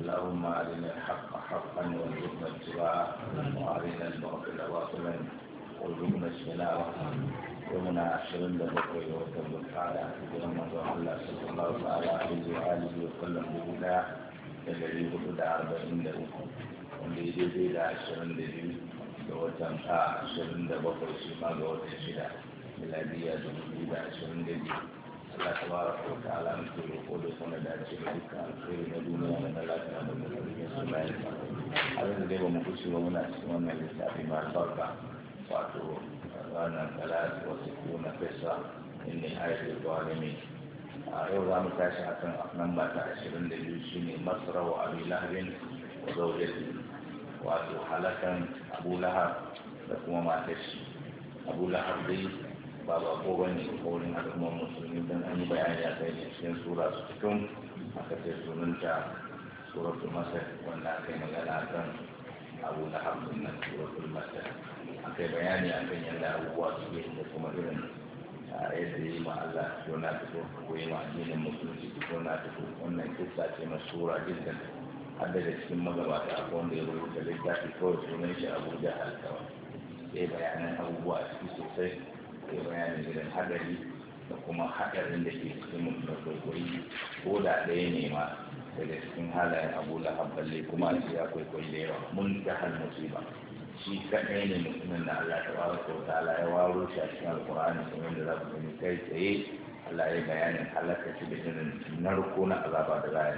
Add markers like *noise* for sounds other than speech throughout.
اللهم أرنا الحق حقا وارزقنا اتباعه وأرنا الباطل باطلا وارزقنا اجتنابه ومنا عشرين دقيقة وتبت تعالى اللهم صل على الله تعالى عليه وآله وسلم بهدى الذي هدى أربعين دقيقة والذي بهدى عشرين دقيقة وتنقى عشرين دقيقة وشما وتشهد ميلادية 2022 Allah tabaraka wa ta'ala muke roƙo da kuma da ce da dukkan alkhairi na duniya da na lafiya da na duniya su bayan sa har yanzu dai ba mu kuce ba muna cikin wannan littafi masu barka wato ranar talata wasu kuma na fesa inda ya haifi zuwa gami a yau za mu tashi a kan namba ta ashirin da biyu shi ne masarawa abu lahabin wa zaujati wato halakan abu lahab da kuma matar shi abu lahab dai ba ba ko bane ko wurin al'ummar musulmi dan an yi bayani a kai ne cikin sura su cikin aka ce sunanta suratul masar wanda aka yi magana kan abu na hamsin nan suratul masar aka yi bayani a kan yadda abubuwa ke da kuma irin yadda yi ma Allah ko na fito ko yi ma addinin musulunci ko na fito wannan kisa ce na sura dukkan har da cikin magabata akwai wanda ya rubuta littafi kawai sunan shi abuja alkawa sai bayanan abubuwa ciki sosai sai bayanin irin hadari da kuma hadarin da ke cikin mutum kwaikwayi ko da ɗaya ne ma daga cikin halayen abu da balle kuma a ya kwaikwayi da yawa mun ta hal ba shi kaɗai ne mutumin da Allah ta wara ko ala ya waro shi a cikin alƙur'ani kamar da za ku gani kai tsaye Allah ya bayanin halaka shi da irin narko na azaba da za a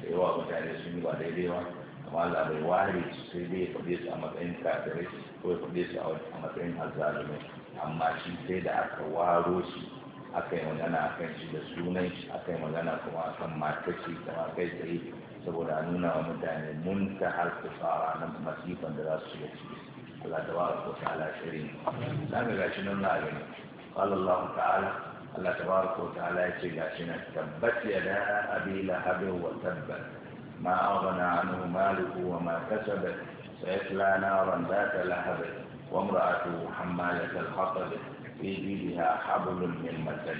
da yawa mutane sun yi ba daidai ba amma Allah bai ware su sai dai ya faɗe su a matsayin kafirai ko ya faɗe su a matsayin hazzalumai amma shi sai da aka waro shi aka yi magana a kan shi da sunan shi aka yi magana kuma a kan matar shi kuma kai tsaye saboda nuna wa mutane mun ta har fara na masifan da za su shiga ciki Allah ta wa ko ta ala shirin za ga gashi nan na gani qala Allah ta'ala Allah tabaraka wa ta'ala ya ce gashi nan tabbat ya da abila habu wa tabbat ma aghna anhu maluhu wa ma kasaba sayasla naran dhata lahab وامرأته حمالة الحطب في جيدها حبل من مسد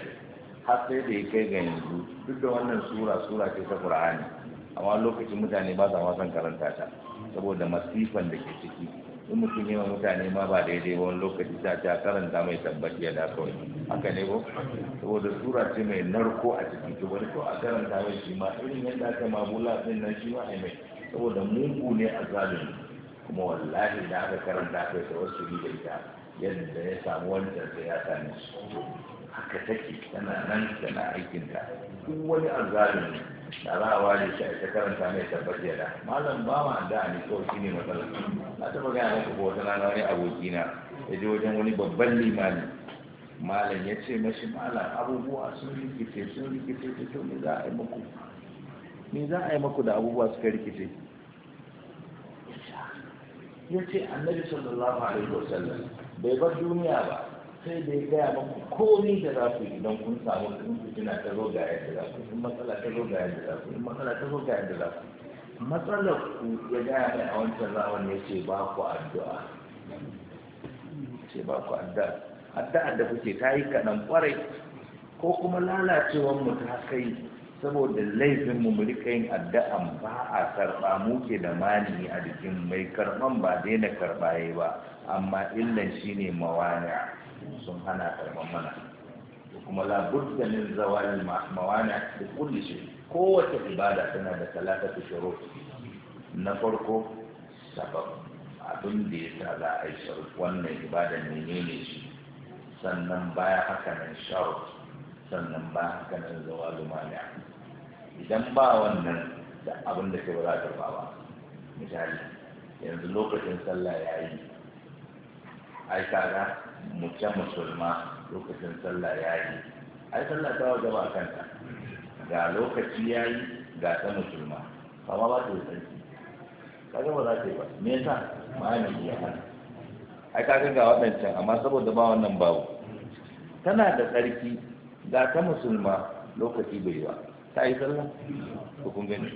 har sai da ya kai ga yanzu duk da wannan sura sura ce ta Qur'ani amma lokacin mutane ba sa wasan karanta ta saboda masifan da ke ciki in mutum yi mutane ma ba daidai wani lokaci ta ta karanta mai tabbaci da kawai haka ne ko saboda sura ce mai narko a ciki to wani ko a karanta mai shi ma irin shi ma mai saboda mugu ne a zalimi kuma wallahi da aka karanta kai sa wasu da ita yadda ya samu wancan sai ya sami su haka take tana nan tana ta duk wani azabin da za a ware shi a karanta mai tabbatar da malam ba ma da ne ko shi ne matsala na taɓa gaya maka ko wata rana wani abokina ya je wajen wani babban limami malam ya ce mashi malam abubuwa sun rikice sun rikice ta kyau ne za a yi muku me za a yi muku da abubuwa suka rikice ya ce annabi sallallahu alaihi wasallam bai bar duniya ba sai bai gaya maku komi da za ku idan kun samu kun fitina ta zo ga yadda za ku in matsala ta zo ga yadda za ku in matsala ta zo ga yadda za ku matsalar ku ya gaya mai a wancan rawan ya ce ba ku addu'a ce ba ku addu'a addu'a da kuke ta yi kaɗan ƙwarai ko kuma lalacewar mu ta kai saboda laifin mu rika yin addu'an ba a karɓa muke da mani a jikin mai karban ba daina karɓa yi ba amma illan shine mawani sun hana karban mana kuma la budda min zawal mawani da kulli shi kowace ibada tana da ta shurut na farko sabab abin da ya sa za a yi sharuf wannan ibada menene shi sannan baya haka nan sharuf sannan ba haka nan zawalu mani'a idan ba wannan da abin da ke ba za a karba ba misali yanzu lokacin sallah ya yi ai kaga mutum musulma lokacin sallah ya yi ai sallah ta waje ba kanta ga lokaci ya yi ga ta musulma kama ba ta yi kaga ba za ta yi ba me yasa ma'ana ya hana ai kaga ga waɗancan amma saboda ba wannan babu tana da tsarki ga ta musulma lokaci bai yi ba ta yi sallah ko kun gani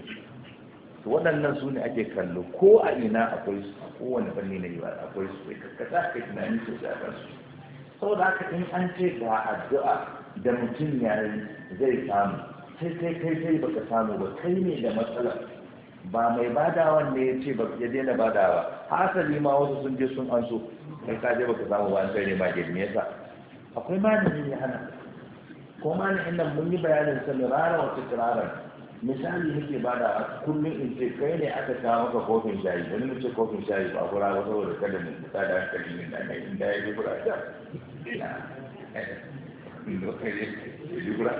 to waɗannan su ne ake kallo ko a ina akwai su a kowane fanni na yi akwai su kai kakkata kai tunani sosai a kansu saboda haka in an ce ga addu'a da mutum ya yi zai samu sai kai kai sai baka samu ba kai ne da matsala ba mai badawan ne ya ce ba ya daina badawa hasali ma wasu sun je sun an so kai ka je baka samu ba an sai ne ma me yasa akwai malami ne hana ko ma na inda mun yi bayanin sa mirara wata turaren misali muke bada a kullum in ce kai ne aka kawo maka kofin shayi wani mu ce kofin shayi ba kura ba saboda kada mu fita da hankali ne da mai inda ya yi kura da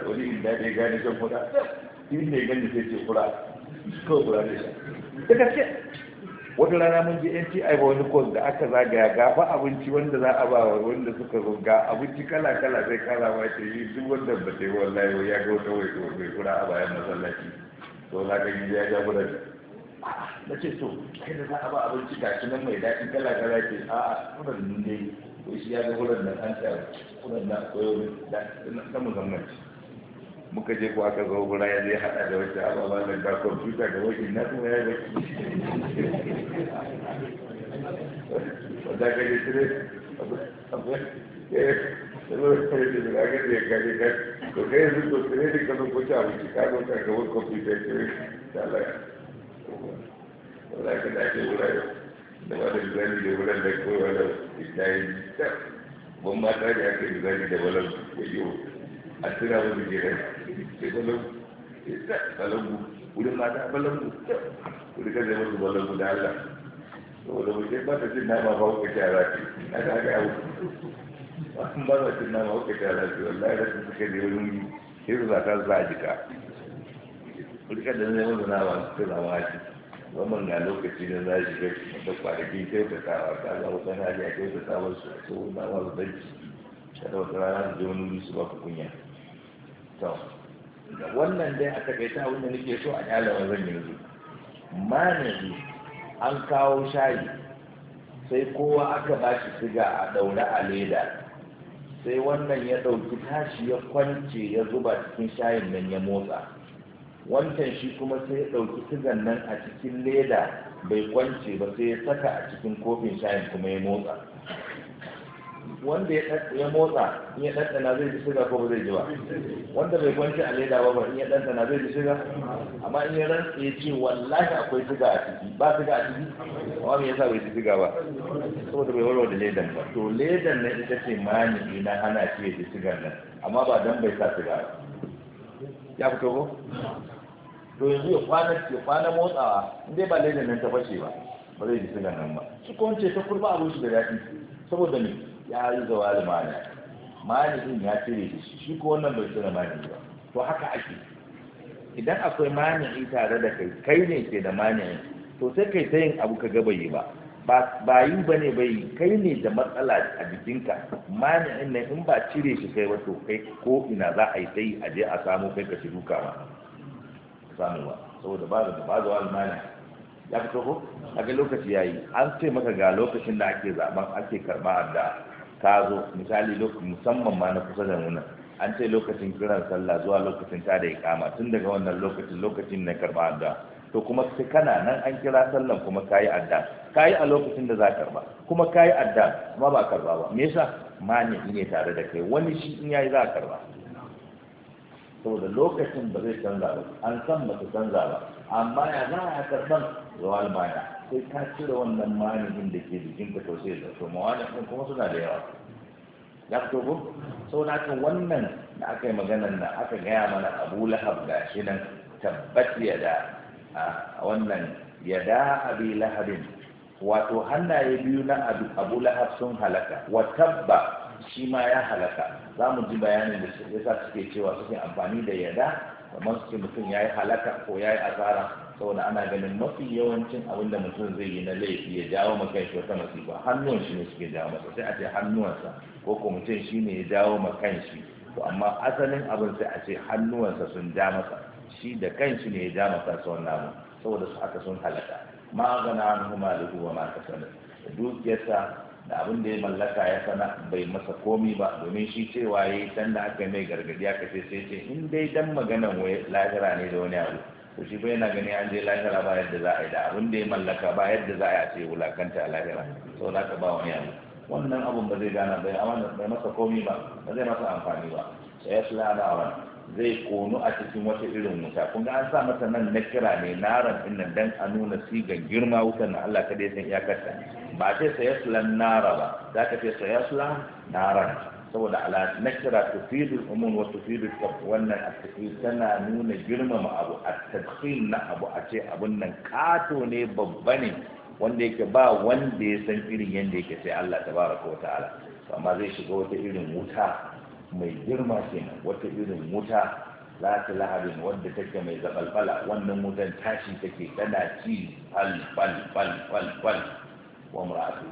wani inda ya gane kan kura inda ya gane sai ce kura ko kura da shi da gaske wata rana mun je nti ba wani kos da aka zagaya gafa abinci wanda za a ba wa wanda suka zo ga abinci kala kala sai kala ba ce yi duk wanda ba ta yi wallahi ya ga wata wai kura a bayan masallaci to za ka yi ya ga gudan na ce to kai da za a ba abinci ga shi nan mai daɗi kala kala ce a'a kudan ne ko shi ya ga gudan nan an ta kudan nan koyo da na musamman muka je ko aka zo gura ya je hada da wata ababa da ga kwamfuta da wani na kuma ya baki wadda ka je tire to kai yanzu to tire ne ka zo kuce a ka zo ka ga wani kwamfuta tire da laya wadda ka dace wura yau da wadda zani da wuran da kowa da ita yi ta ban mata da aka yi zani da wuran da yau a tura wani jiran balangu wurin mata balangu wurin kan zai masu balangu da Allah saboda mu sai ba ta cin nama ba kuka ci a rafi haka haka abu ba ta cin nama kuka ci a rafi wallahi da su suka je wurin yi sai su zata za a jika wurin kan zai masu nama su nama a ci wannan na lokaci da za shi ga da kwanaki kyautatawa ta za wata hali a kyautatawa su a tsohon na wani banki kada wata rana su je wani su ba ku kunya to wannan dai a takaita abin nake so a kyalawa zan yanzu manani an kawo shayi sai kowa aka ba shi siga a daura a leda sai wannan ya ɗauki tashi ya kwance ya zuba cikin shayin nan ya motsa wancan shi kuma sai ya ɗauki sigan nan a cikin leda bai kwance ba sai ya saka a cikin kofin shayin kuma ya motsa wanda ya motsa in ya ɗanɗana zai ji shiga ko ba zai ji ba wanda bai kwanci a leda ba in ya ɗanɗana zai ji shiga amma in ya rantsa ya ce wallahi akwai shiga a ciki ba shiga a ciki amma me yasa bai ji shiga ba saboda bai warware ledan ba to ledan na ita ce mani na hana shi ya ji shigan nan amma ba dan bai sa shiga ba ya fito ko to yanzu ya kwana ya kwana motsawa in dai ba ledan nan ta fashe ba ba zai ji shigan nan ba shi ko ta kurba abin shi da daɗi saboda ne ya yi da mani mani din ya cire shi shi ko wannan bai cire mani ba to haka ake idan akwai mani tare da kai kai ne ke da mani to sai kai ta yin abu ka gabaye yi ba ba yi ba ne bai kai ne da matsala a jikinka mani'in nan in ba cire shi kai ba to kai ko ina za a yi sai a je a samu kai ka shi duka ba samu ba saboda ba da ba da wani mani ya fi ko a ga lokaci yayi an ce maka ga lokacin da ake zaben ake karba da ka zo misali musamman ma na kusa da nuna an ce lokacin kiran sallah zuwa lokacin ta da ikama tun daga wannan lokacin lokacin na karba addu'a to kuma sai kana nan an kira sallan kuma kayi adda kayi a lokacin da za karba kuma kayi adda kuma ba karba ba me yasa mani ne tare da kai wani shi in yayi za karba saboda lokacin ba zai canza ba an san ba ta canza ba amma ya za a karban zawal albaya sai ta cire wannan manihin da ke jikin ka sosai da kuma suna da yawa ya fito ku sau da aka wannan da aka yi maganan nan aka gaya mana abu lahab ga shi nan tabbat ya da a wannan ya da abi lahabin wato hannaye biyu na abu lahab sun halaka wa tabba shi ma ya halaka za mu ji bayanin da ya sa suke cewa suke amfani da yada kamar suke mutum ya yi halaka ko ya yi asara saboda ana ganin mafi yawancin abin da mutum zai yi na laifi ya jawo maka shi wata masifa hannuwan shi ne suke jawo masa sai a ce hannuwansa ko ko mutum shi ne ya jawo ma kanshi to amma asalin abin sai a ce hannuwansa sun ja masa shi da kanshi ne ya ja masa sa wannan saboda su aka sun halaka ma gana an huma lahu wa ma sani dukiyarsa da abin da ya mallaka ya sana bai masa komi ba domin shi cewa yayi dan da aka mai gargadi aka ce sai ce in dai dan maganan wai lahira ne da wani abu to shi bai yana gani an je lahira ba yadda za a yi da abin da ya mallaka ba yadda za a yi a ce wulakanta a lahira sau za ka ba wani abu wannan abun ba zai gana bai amma bai masa komi ba ba zai masa amfani ba sai ya sula da wani zai konu a cikin wata irin wuta kun ga an sa masa nan na kira ne naran din nan dan a nuna sigan girma wutan na Allah kada ya san iyakarta ba ce sai ya nara ba za ka ce sai ya saboda ala nakira tufidu umum wa tufidu wannan a tana nuna girmama abu a tadkhil na abu a ce abun nan kato ne babba ne wanda yake ba wanda ya san irin yadda yake sai Allah tabaraka wa ta'ala amma zai shiga wata irin wuta mai girma wata irin wuta za ta lahabin wadda take mai zabalbala wannan wutan tashi take tana ci fal fal fal fal fal wa mar'atu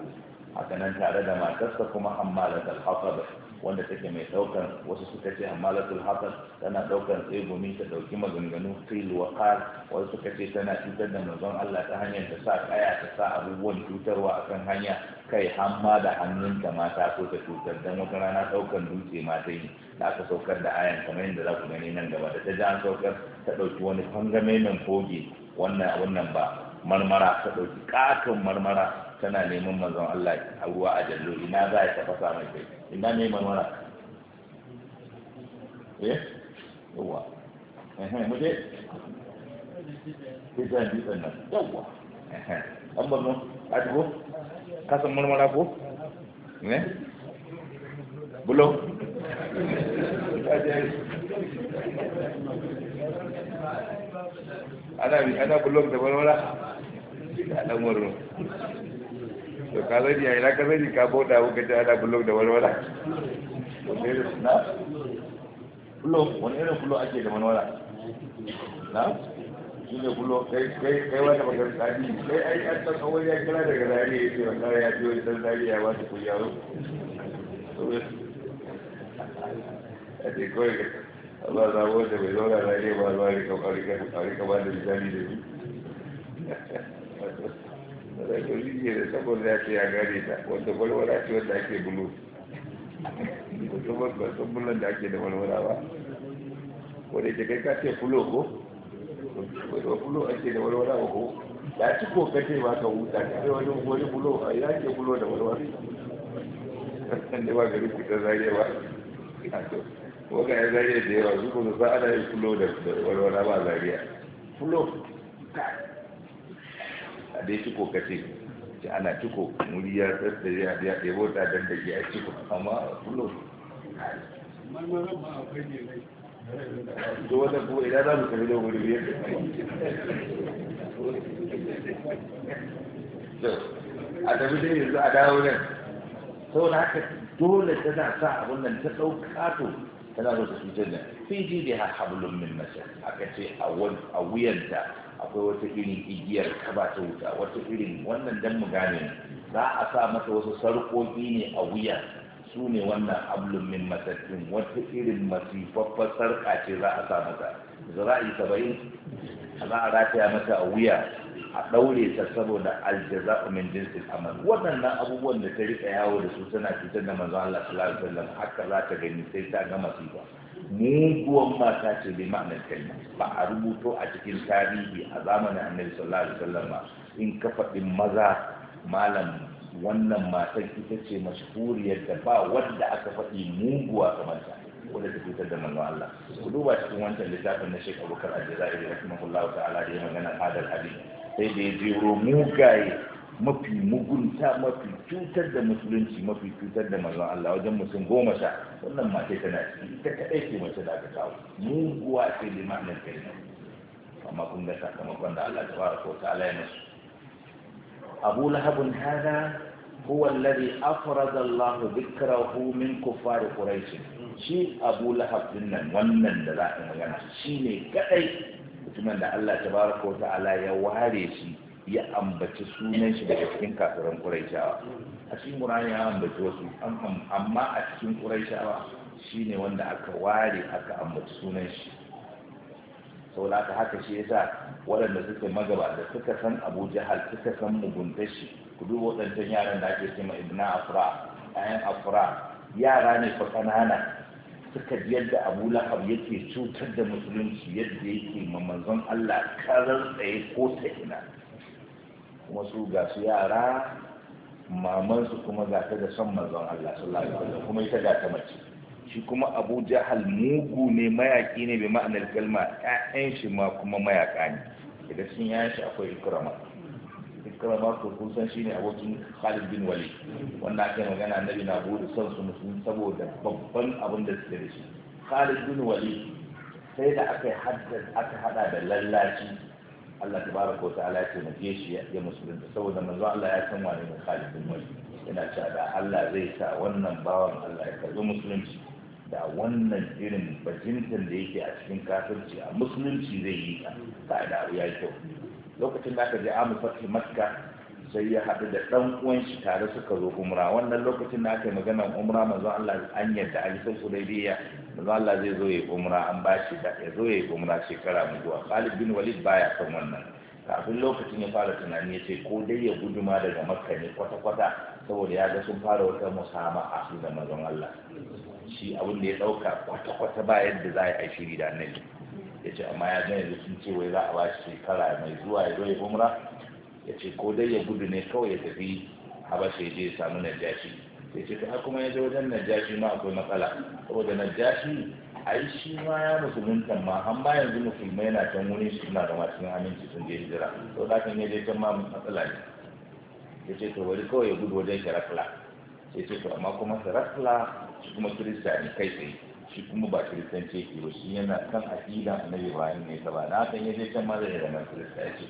haka nan tare da matarsa kuma amma da alhaqaba wanda take mai daukan wasu suka ce amalatul hasan tana daukan tsegumi ta dauki maganganu fil waqar wasu suka ce tana cutar da manzon Allah ta hanyar ta sa kaya ta sa abubuwan cutarwa akan hanya kai hamma da hannunta ma ta ko ta cutar dan wata rana daukan dutse ma ta yi da aka saukar da ayan kamar yadda za ku gani nan gaba da ta ja saukar ta dauki wani fangame nan koge wannan wannan ba marmara ta ɗauki katon marmara tana neman mazan Allah a ruwa a jallo ina za ya tafasa mai kai ina ne marmara eh yawa eh mu je yawa eh a kasan marmara ko ne eh? bulo ana ana da marmara da al'amarin to ka zani a ina ka zani ka bauta kuka ji ana blog da walwala wani irin na blog wani irin blog ake da walwala na shi ne blog kai kai kai wani bakar tsari kai ai an san kawai ya kira daga zari ya ce wa kare ya biyo dan zari ya ba su kuyaro a ce kawai Allah za mu wanda bai zauna zari ba zuwa rika ba da misali da ni sai kirji da saboda ya ce ya gane ta wanda walwala ce wanda ake bulu wato ba san bulan da ake da walwala ba wanda ke kai ka ce fulo ko wato fulo ake da walwala ba ko da ci ko kace ba ka huta ka sai wani wani fulo a ya ke da walwala ne ba gari ku ta zage ba ya zage da yawa su ko za ana yin fulo da walwala ba zariya fulo a dai ciko ka ce ce ana ciko muri ya tsaddare a biya ɗaya bauta don da ke a ciko amma a kullum to wata kuma idan za mu tafi da wuri biyar a tafi dai yanzu a dawo nan saboda haka dole tana sa abin nan ta ɗauka to tana zo ta cutar da fiji da hablum min masar aka ce a wuyanta akwai wata irin igiyar ta ba ta wuta wata irin wannan dan mu gane za a sa masa wasu sarƙoƙi ne a wuya su ne wannan ablun min wata irin masifaffar sarƙa ce za a sa masa zira'i saba'in za a rataya masa a wuya a ɗaure ta saboda aljaza min jinsin amal waɗannan abubuwan da ta riƙa yawo da su tana cutar da manzon Allah sallallahu alaihi wasallam haka za ta gani sai ta ga masifa muguwan mata ce bai ma'anar kalma ba a rubuto a cikin tarihi a zamanin annabi sallallahu alaihi wasallam in ka faɗi maza malam wannan matar ita ce mashhuriyar da ba wanda aka faɗi muguwa kamar ta wanda ta fitar da manzo Allah ku duba cikin wancan littafin na Sheikh Abubakar Al-Jazairi rahimahullahu ta'ala da ya magana hadal hadith sai da ya jero mugaye mafi mugunta mafi cutar da musulunci mafi cutar da manzon Allah wajen mutum goma sha wannan mace tana ciki ita kaɗai ce mace da aka kawo muguwa ce da ma'anar kai amma kun ga sakamakon da Allah tabaraka wa ta'ala ya musu Abu hada huwa alladhi afrada Allah dhikrahu min kuffar shi Abu Lahab dinnan wannan da za a magana shine kadai mutumin da Allah tabaraka wa ta'ala ya ware shi ya ambaci sunan shi daga cikin kafiran Qurayshawa a cikin Qur'ani ya ambaci wasu amma a cikin Qurayshawa shine wanda aka ware aka ambaci sunan shi saboda haka haka shi yasa waɗanda suke da suka san Abu Jahal suka san muguntar shi ku duba waɗancan yaran da ake cewa Ibn Afra ayan Afra yara ne fa kanana suka ji yadda abu lahab yake cutar da musulunci yadda yake ma manzon Allah karar tsaye ko ta ina kuma su ga su yara mamansu kuma ga ta da son manzon Allah sallallahu alaihi wasallam kuma ita ga ta mace shi kuma Abu Jahal mugu ne mayaki ne bi ma'anar kalma ƴaƴan shi ma kuma mayaka ne idan cikin ƴaƴan shi akwai Ikrama Ikrama ko kun san ne abokin Khalid bin Walid wanda aka yi magana annabi na bude son su musulmi saboda babban abin da suke da shi Khalid bin Walid sai da aka haddar aka hada da lallaci Allah tabaraka wa ta'ala ya taimake shi ya musulunta saboda manzo Allah ya san wani ne Khalid bin Walid yana cewa da Allah zai sa wannan bawan Allah ya karbi musulunci da wannan irin bajintan da yake a cikin kafirci a musulunci zai yi ka da ya yi kyau lokacin da aka je amu fatih makka sai ya haɗu da ɗan uwan shi tare suka zo umra wannan lokacin da aka yi maganar umra manzo Allah an yadda a bisa manzo Allah zai zo ya umra an ba shi da ya zo ya umra shekara mu zuwa Khalid bin Walid baya kan wannan kafin lokacin ya fara tunani ya ce ko dai ya guduma daga Makka ne kwata-kwata saboda ya ga sun fara wata a su da manzon Allah shi abin da ya ɗauka kwata-kwata ba yadda za a yi shiri da annabi ya ce amma ya ga yanzu sun ce wai za a ba shi shekara mai zuwa ya zo ya umra ya ce ko dai ya gudu ne kawai ya tafi habasha ya je ya samu najashi ya ce ta kuma ya je wajen najashi ma akwai matsala saboda najashi yi shi ma ya musulunta ma an ba yanzu musulmai na can wuni shi suna gama cikin aminci sun je hijira to da kan ya je can ma matsala ne ya ce to wani kawai ya gudu wajen shirakla ya ce to amma kuma shirakla shi kuma kirista ne kai tsaye shi kuma ba kiristan ce ba shi yana kan aƙidan annabi ibrahim ne ta ba na kan ya je can ma zai zama kirista ya ce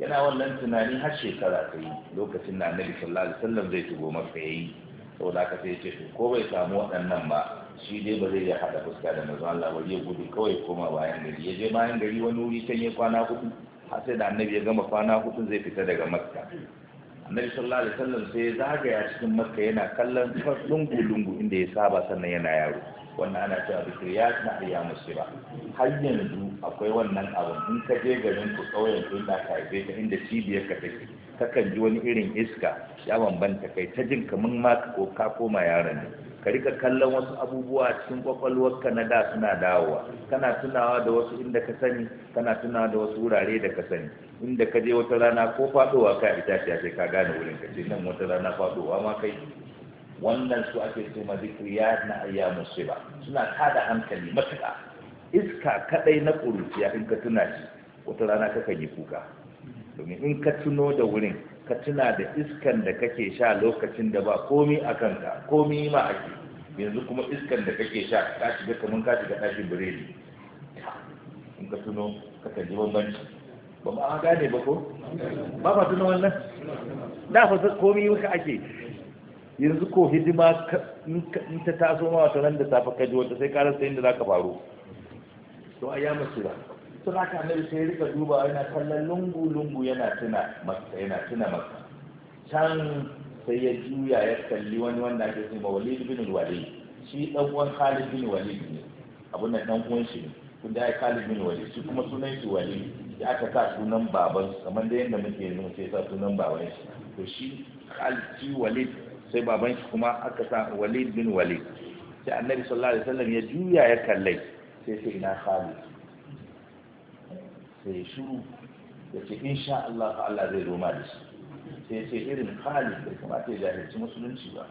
yana wannan tunani har shekara ta yi lokacin da annabi sallallahu alaihi wasallam zai shigo maka yayi saboda ka sai ce ko bai samu waɗannan ba shi dai ba zai ya haɗa fuska da manzo Allah ba zai gudu kawai koma bayan gari ya je bayan gari wani wuri can ya kwana hudu har sai da annabi ya gama kwana hudu zai fita daga makka annabi sallallahu alaihi wasallam sai ya zagaya cikin makka yana kallon lungu lungu inda ya saba sannan yana yaro wannan ana cewa zikriyat na musu ba. har yanzu akwai wannan abu in ka je garin ku kauyen ku inda ka haife ta inda cibiyar ka take kakan ji wani irin iska ya bambanta kai ta jin kamar ma ka koma yaron ne ka rika kallon wasu abubuwa cikin kwakwalwarka na da suna dawowa kana tunawa da wasu inda ka sani kana tunawa da wasu wurare da ka sani inda ka je wata rana ko faɗowa ka ita ce sai ka gane wurin ka ce nan wata rana faɗowa ma kai wannan su ake ce ma zikriya na ayya ba suna kada hankali matuƙa iska kadai na ƙuruciya in ka tuna shi wata rana kakan yi kuka domin in ka tuno da wurin ka tuna da iskan da kake sha lokacin da ba komi a kanka komi ma ake yanzu kuma iskan da kake sha ka shiga kamar ka shiga ɗakin biredi in ka tuno ka kalli bambanci ba ma gane ba ko ba ba tuno wannan da fa komi maka ake yanzu ko hidima in ta taso ma wata nan da safe kaji wata sai karar sayin da za ka faru to a ya masu ba to na ka mai sai rika duba yana kallon lungu lungu yana tuna maka yana tuna maka can sai ya juya ya kalli wani wanda ake ce ba walid bin walid shi dan uwan Khalid bin walid ne abun nan dan uwan shi ne kun da ya Khalid bin wali shi kuma sunan shi wali ya aka sa sunan baban kamar da yadda muke yanzu sai sa sunan baban shi to shi Khalid wali sai baban shi kuma aka sa walid bin walid sai annabi sallallahu alaihi wasallam ya juya ya kallai sai sai ina khalid sai shiru ya ce insha Allah Allah zai roma da shi sai sai irin khalid bai kamata ya jahilci musulunci ba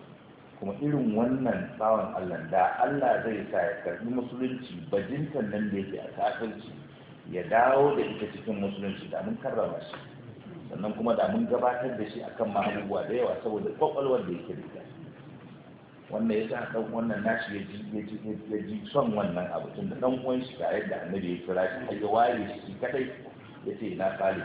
kuma irin wannan tsawon Allah da Allah zai sa ya karbi musulunci bajintan nan da yake a kafirci ya dawo da ita cikin musulunci da mun karrama shi sannan kuma da mun gabatar da shi akan ma da yawa saboda kwakwalwar da yake da wannan ya sa ɗan wannan nashi ya ji ya ji ya ji son wannan abu da dan uwan shi ga yadda annabi ya kira shi ya ware shi kadai ya ce na sale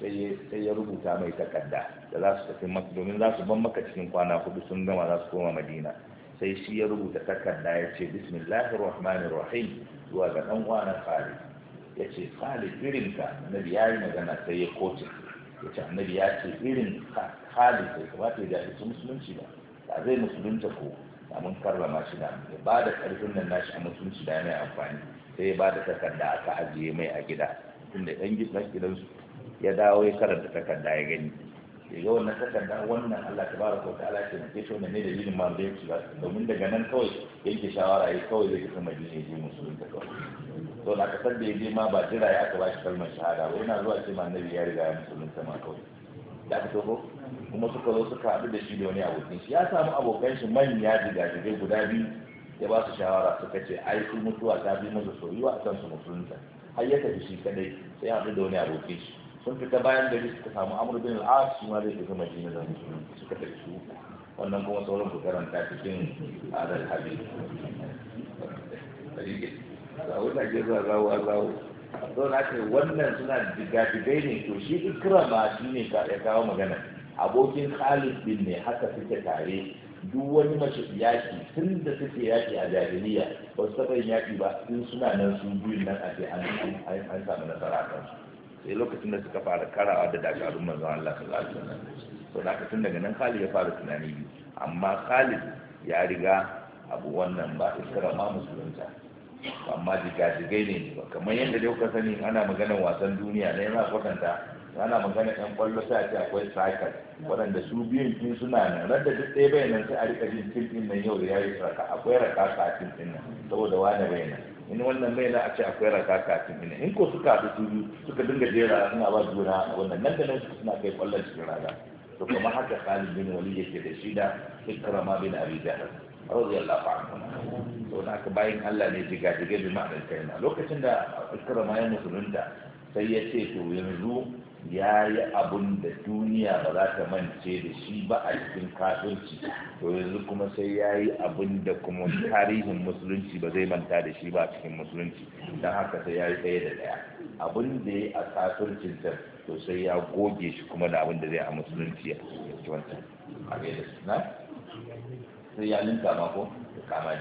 sai ya rubuta mai takarda da za su tafi maka domin za su ban maka cikin kwana hudu sun gama za su koma madina sai shi ya rubuta takarda ya ce bismillahir rahmanir rahim zuwa ga ɗan uwa na sale ya ce sale irinka na ya magana sai ya kotu ya annabi ya ce irin halin bai kamata ya jahilci musulunci ba ba zai musulunta ko da mun karrama shi da ya ba da karfin nan nashi a musulunci da mai amfani sai ya ba da takarda aka ajiye mai a gida tunda yan gidan gidansu ya dawo ya karanta takarda ya gani ya ga wannan takarda wannan Allah ta baraka wa ta'ala ce muke so ne dalilin yin da ba domin daga nan kawai yanke shawara yi kawai zai kusa madina ya je musulun ta kawai to na kasar da ya je ma ba jira ya aka ba shi kalmar shahada ba yana zuwa ce ma annabi ya riga ya musulun ta ma kawai da aka togo kuma suka zo suka haɗu da shi da wani abokin shi ya samu abokan shi manya diga guda biyu ya ba su shawara suka ce ai su mutuwa ta bi musu soyuwa a kan su musulunta har ya tafi shi kadai sai ya haɗu da wani abokin shi sun fita bayan gari suka samu amur bin al'as shi ma zai fita madina da suka tafi su wannan kuma sauran ku karanta cikin adal hadis zawo na ke zuwa zawo a zawo zawo na ce wannan suna digadigai ne to shi ikrama shi ne ya kawo magana abokin khalid bin ne haka suke tare duk wani mace yaki tun da suke yaki a jahiliya ba su taɓa yaki ba tun suna nan su biyun nan a ce an samu nasara a kansu sai lokacin da suka fara karawa da dakarun manzon Allah sallallahu alaihi wasallam to da tun daga nan Khalid ya fara tunani biyu amma Khalid ya riga abu wannan ba iskara ma musulunta amma jigajigai ne ba kamar yadda dai kuka sani ana maganar wasan duniya na yana kwatanta ana magana yan kwallo sai a ce akwai cycle waɗanda su biyun tun suna nan radda duk ɗaya bai sai a rika jin fim ɗin nan yau da yayi raka akwai raka a tim ɗin nan saboda wani bai in wannan mai na a ce akwai raka kafin ina in ko suka haɗu su biyu suka dinga jera suna ba juna wannan nan da nan suna kai kwallon cikin rana to kuma haka Khalid bin Walid yake da shi da Ikrama bin Abi Jahl radiyallahu anhu to da aka bayin Allah ne jiga jiga bi ma'anar kaina lokacin da Ikrama ya musulunta sai ya ce to yanzu ya yi abun da duniya ba za ta mance da shi ba a cikin kafirci to yanzu kuma sai ya yi abun da kuma tarihin musulunci ba zai manta da shi ba a cikin musulunci don haka sai ya yi ɗaya da ɗaya abun da ya yi a kafircin ta to sai ya goge shi kuma da abun da zai a musulunci ya ci wancan a su na sai ya linka ma ko kama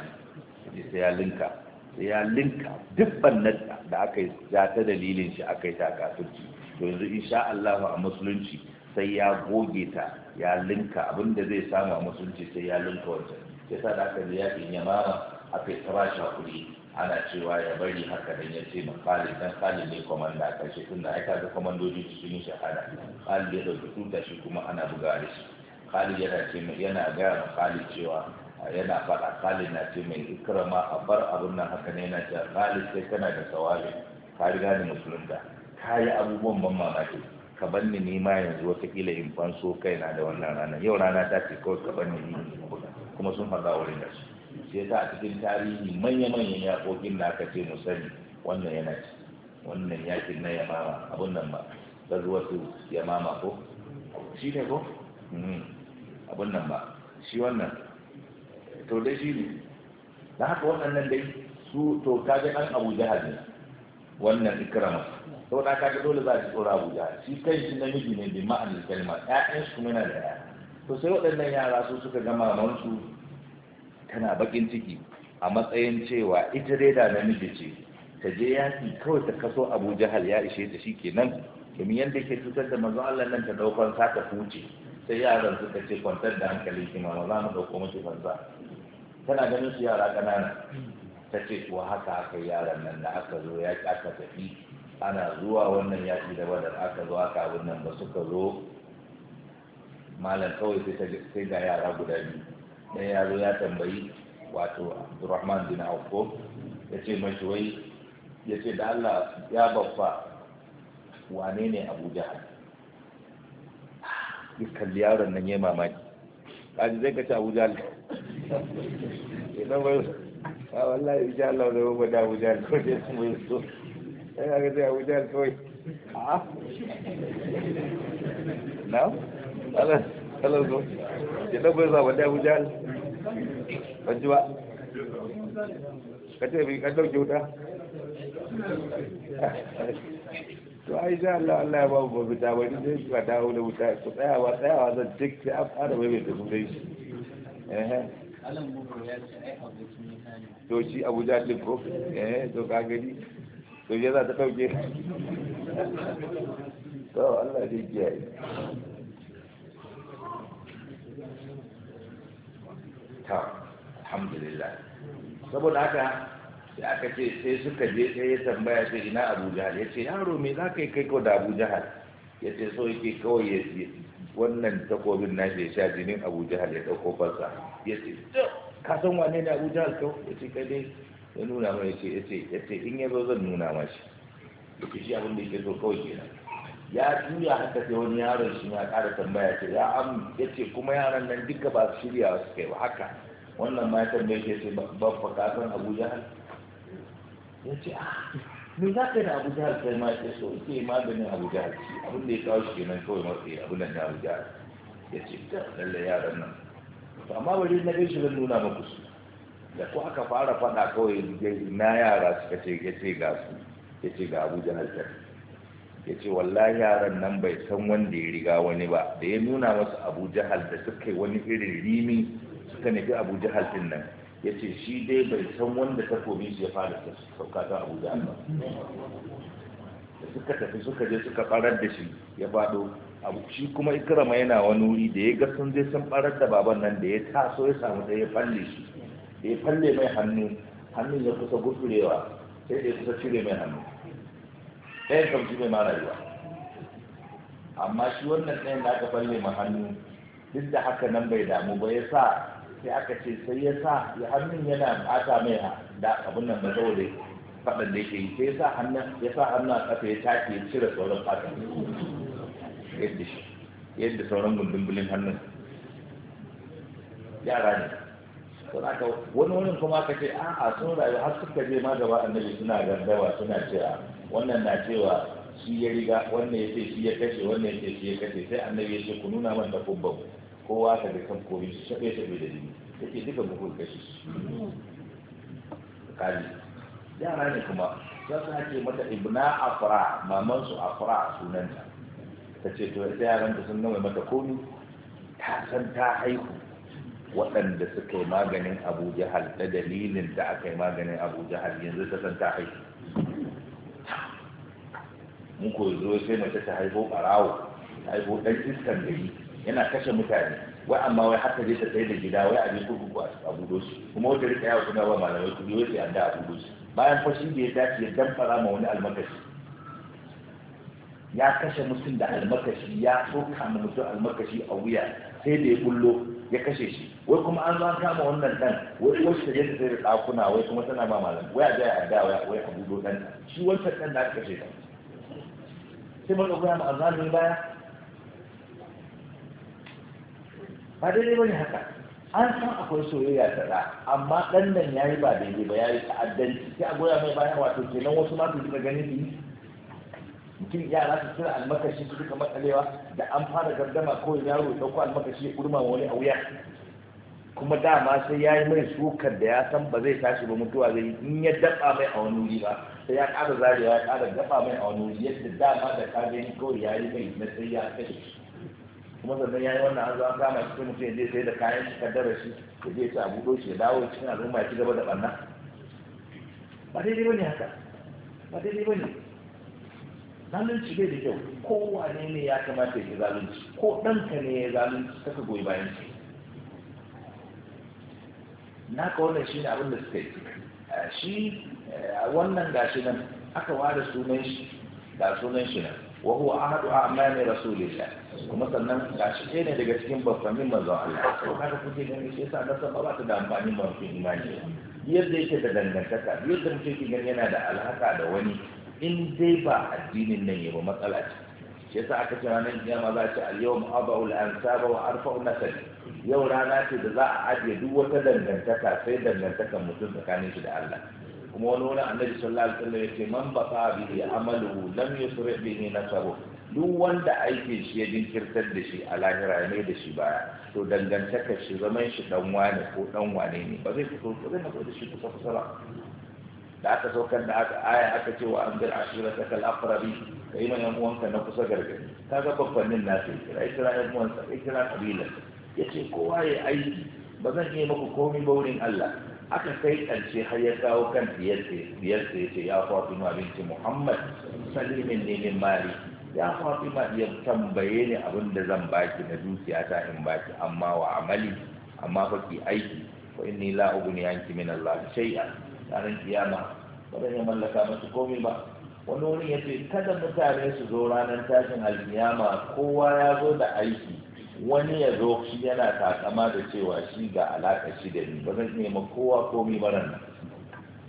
ji sai ya linka sai ya linka duk bannan da aka yi za ta dalilin shi aka yi ta kafirci to yanzu sha Allah a musulunci sai ya goge ta ya linka abinda zai samu a musulunci sai ya linka wancan ya sa da aka ji yaƙin yamama aka yi taba kuɗi ana cewa ya bari haka dan ya ce makali dan kali ne komanda a shi tun da aika da komandoji sun yi shahada kali ya ɗauki tuta shi kuma ana buga da shi kali yana ce yana gaya ma kali cewa yana faɗa kali na ce mai ikrama a bar abin nan haka ne yana cewa kali sai kana da sawali kari gani musulunta kayi abubuwan ban mamaki ka ban ni nima yanzu watakila in fanso kaina da wannan rana yau rana ta ce kawai ka ban ni kuma sun faɗa wurin da su sai ta a cikin tarihi manya-manyan yaƙoƙin da aka ce mu sani wannan yana ci wannan yakin na yamama abun nan ba su yamama ko shi ne ko hmm, abun nan ba shi wannan to dai shi ne da haka waɗannan dai su to kaga ɗan abu jahal ne wannan ikrama sau da kaga dole za a tsora abuja shi kai shi namiji ne bi ma'anin kalma ƴaƴan shi kuma yana da ƴaƴa to sai waɗannan yara su suka ga mamansu tana bakin ciki a matsayin cewa ita dai da namiji ce ta je yaki kawai ta kaso abu jahal ya ishe ta shi kenan domin yadda ke cutar da manzo Allah nan ta daukan sa ta huce sai yaran suka ce kwantar da hankali ki ma za mu dauko miki fansa tana ganin su yara ƙanana. ta ce wa haka haka yaran nan da aka zo ya aka tafi ana zuwa wannan yaƙi da badar aka zo aka abin nan ba suka zo malam kawai sai ga yara guda biyu ɗaya ya zo ya tambayi wato abdurrahman bin auko ya ce mashi wai ya ce da allah ya babba wane ne abu jahal dukkan yaron nan ya mamaki kaji zai kaci abu jahal idan bai wallahi insha Allah da babba da abu jahal ko dai sun bai so yana ga zai abu jihar kawai na? Allah zo ya ɗan bai zaɓa da abu jihar ban ba ka wuta to ai Allah Allah ya ka dawo da wuta ku tsayawa tsayawa zan duk sai an fara mai da mun eh to shi Abuja din ko eh to ka gani soje za ta ɗauke to Allah dai kiyaye ta alhamdulillah saboda haka sai aka ce sai suka je sai ya tambaya sai ina Abu Jahal ya ce yaro me za ka yi kai ko da Abu Jahal ya ce so yake kawai ya wannan takobin na ya sha jinin Abu jihar ya ɗauko fasa ya ce ka san wane ne Abu jihar kawai ya ce kai dai ya nuna mai ce ya ce in yazo zan nuna mashi da shi abin da yake so kawai kenan ya juya haka sai wani yaron shi ya ƙara tambaya ce ya am ce kuma yaran nan duka ba su shirya su kai ba haka wannan ma ya tambaye shi yace ba fa kasan Abu ya ce a ah, mai za ka da abuja sai ma yace so k'e maganin abuja Jahal shi abin da ya kawo shi kenan kawai matsayi abin nan da Abu ya ce ta lallai yaran nan amma bari na gaishe zan nuna maku su da ko aka fara faɗa kawai na yara suka ce ya ce ga su ya ce ga na jahal ya ce wallahi yaran nan bai san wanda ya riga wani ba da ya nuna masu abuja hal da suka yi wani irin rimi suka nufi abuja hal din nan ya ce shi dai bai san wanda ta komi shi ya fara sauka ta abuja jahal ba da suka tafi suka je suka farar da shi ya faɗo abu shi kuma ikrama yana wani wuri da ya ga sun je sun farar da baban nan da ya taso ya samu ɗaya falle shi da ya falle mai hannu hannun ya kusa gudurewa sai da ya kusa cire mai hannu ɗayan kamci mai mara yiwa amma shi wannan ɗayan da aka falle mai hannu duk da haka nan bai damu ba ya sa sai aka ce sai ya sa ya hannun yana ɓata mai da abin nan ba saboda faɗin da yake yi sai ya sa hannun ya sa a ƙasa ya ya cire sauran fatan yadda sauran gundumbulin hannun yara ne to haka wani wurin kuma ka ce a'a sun rayu har suka je ma gaba annabi suna gardawa suna cewa wannan na cewa shi ya riga wannan ya ce shi ya kashe wannan ya ce shi ya kashe sai annabi ya ce ku nuna man takubban kowa ka ga kan koyi shi shabe shabe da jini yake duka bugun kashe shi kaji yara ne kuma za su hake mata ibna afra maman su afra sunanta ta ce to ita yaran da sun gama mata komi ta san ta haihu waɗanda suka yi maganin abu jahal da dalilin da aka yi maganin abu jahal yanzu ta san ta haihu mun ko zo sai mace ta haifo ɓarawo ta haifo ɗan iskan gari yana kashe mutane wai amma wai haka je ta sai da gida wai abin kurkuku a budo shi kuma wata rika yawa kuma ba malamai kuɗi wai sai anda da a budo shi bayan fashi da ya dace ya damfara ma wani almakashi ya kashe mutum da almakashi ya soka mutum almakashi a wuya sai da ya bullo ya kashe shi wai kuma an zo an kama wannan dan wai wasu ta je ta sai da tsakuna wai kuma tana ba malam wai a jaya a da wai a budo dan shi wancan dan da aka kashe ta sai mun ga mu azalin baya ba dai bane haka an san akwai soyayya ta da amma dan nan yayi ba daidai ba yayi ta'addanci sai a goya mai baya wato kenan wasu ma su gani su mutum yara su suna almakashi su duka matsalewa da an fara gardama ko yaro ya dauko almakashi ya kurma wani a wuya kuma dama sai ya yi mai sukar da ya san ba zai tashi ba mutuwa zai in ya daba mai a wani wuri ba sai ya ƙara zarewa ya ƙara daba mai a wani wuri yadda dama da ka gani kawai ya yi mai na sai ya kashe kuma sannan ya yi wannan an zo an kama shi mutum ya je sai da kayan shi dara shi ya je ci abu buɗo shi ya dawo cikin al'umma ya ci gaba da ɓanna ba daidai ba ne haka ba daidai ba ne zalunci bai da kyau kowane ne ya kamata ya zalunci ko ɗanka ne ya zalunci kaka goyi bayan shi na ka wannan shi ne abin da suka yi shi wannan gashi nan aka ware sunan shi ga sunan shi nan wa huwa ahadu amani rasulillah kuma sannan gashi ɗaya ne daga cikin babbanin manzon Allah ko kaga kuke ganin shi yasa nasa ba ta da amfani ba cikin imani yadda yake da dangantaka yadda mutum yake gani yana da alhaka da wani in dai ba addinin nan ya ba matsala ce shi yasa aka ce ranar kiyama za a ce al-yawm aba'ul ansaba wa arfa'u nasab yau rana ce da za a ajiye duk wata dangantaka sai dangantakan mutum tsakanin shi da Allah kuma wani wani annabi sallallahu alaihi wasallam yace man baqa bihi amaluhu lam yusri bihi nasabu duk wanda aikin shi ya jinkirtar da shi a lahira ne da shi baya to dangantaka shi zaman shi dan wane ko dan wane ne ba zai fito ba zai fito da shi kusa kusa ba da aka saukar da aka aya aka ce wa anzir ashiratakal aqrabi ka yi yan uwanka na kusa gargadi kaga babbannin nasu kira kira yan uwansa kira kabilan yace kowa ya aiki ba zan iya muku komai ba wurin Allah aka kai ƙarshe har ya kawo kan diyarsa ya ce ya fatima abinci muhammad salimin ne min mali ya fatima ya tambaye ni abin da zan baki na dukiya ta in baki amma wa amali amma baki aiki wa inni la ugni anki min allah shay'a ranar kiyama ba zan iya mallaka masu komai ba wani wurin ya ce kada mutane su zo ranar tashin alkiyama kowa ya zo da aiki wani ya zo shi yana takama da cewa shi ga alaka shi da ni ba zan nema kowa komai ba nan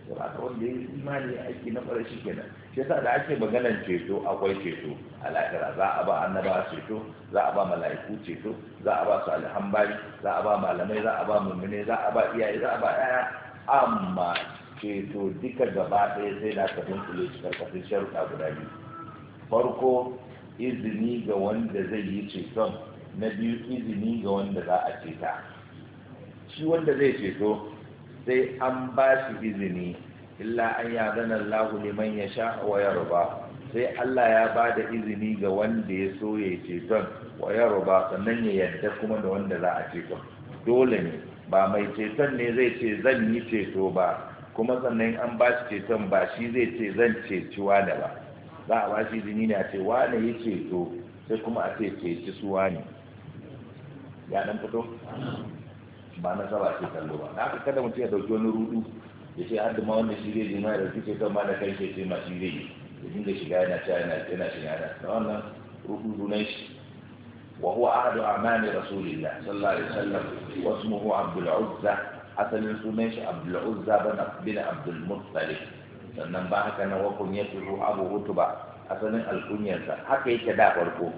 saboda wanda ya yi imani aiki na fara shi kenan shi yasa da ake maganar ceto akwai ceto a za a ba annaba ceto za a ba mala'iku ceto za a ba su alhambari za a ba malamai za a ba mummune za a ba iyaye za a ba yaya amma ceto duka gaba ɗaya sai da aka dunkule shi karkashin sharuɗa guda biyu farko izini ga wanda zai yi ceton na biyu izini ga wanda za a ceta shi wanda zai ceto sai an ba shi izini illa an ya zana lahu liman ya sha wa sai Allah ya ba da izini ga wanda ya so ya ceton wa yarba sannan ya yarda kuma da wanda za a ceton dole ne ba mai ceton ne zai ce zan yi ceto ba kuma sannan an ba shi ceton ba shi zai ce zan ceci wane ba za a ba shi jini ne a ce wane ya ceto sai kuma a ce ceci su wane ya dan fito ba na saba ce kallo ba na haka kada mutum ya dauki wani rudu ya ce har ma wanda shi zai jima ya dauki ceton ma da kai ce ce ma shi zai yi ya dinga shiga yana cewa yana yana shiga yana da wannan rudu dunan shi wa huwa ahadu amani rasulillah sallallahu alaihi wasallam wasmuhu abdul uzza asalin sunan shi abdul uzza bin abdul muttalib sannan ba haka na wakun ya turu abu hutu ba asalin alkunyarsa haka yake da farko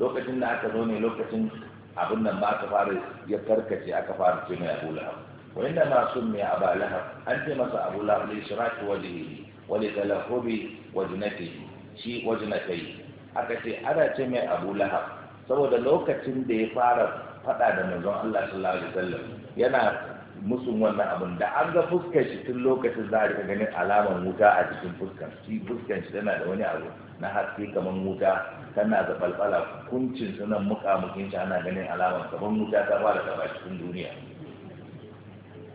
lokacin da aka zo ne lokacin abin nan ba aka fara ya karkace aka fara ce mai abu lahab wa ma sun mai abu lahab an ce masa abu lahab ne shiraki wajihi wani talahobi wajinatai shi kai, aka ce ana ce mai abu lahab saboda lokacin da ya fara fada da manzon Allah sallallahu alaihi wasallam yana musun wannan abin da an ga fuskar shi tun lokacin za a ganin alamar wuta a cikin fuskar shi fuskar shi tana da wani abu na haske kamar wuta tana da balbala kuncin sunan mukamukin shi ana ganin alamar kamar wuta ta fara gaba cikin duniya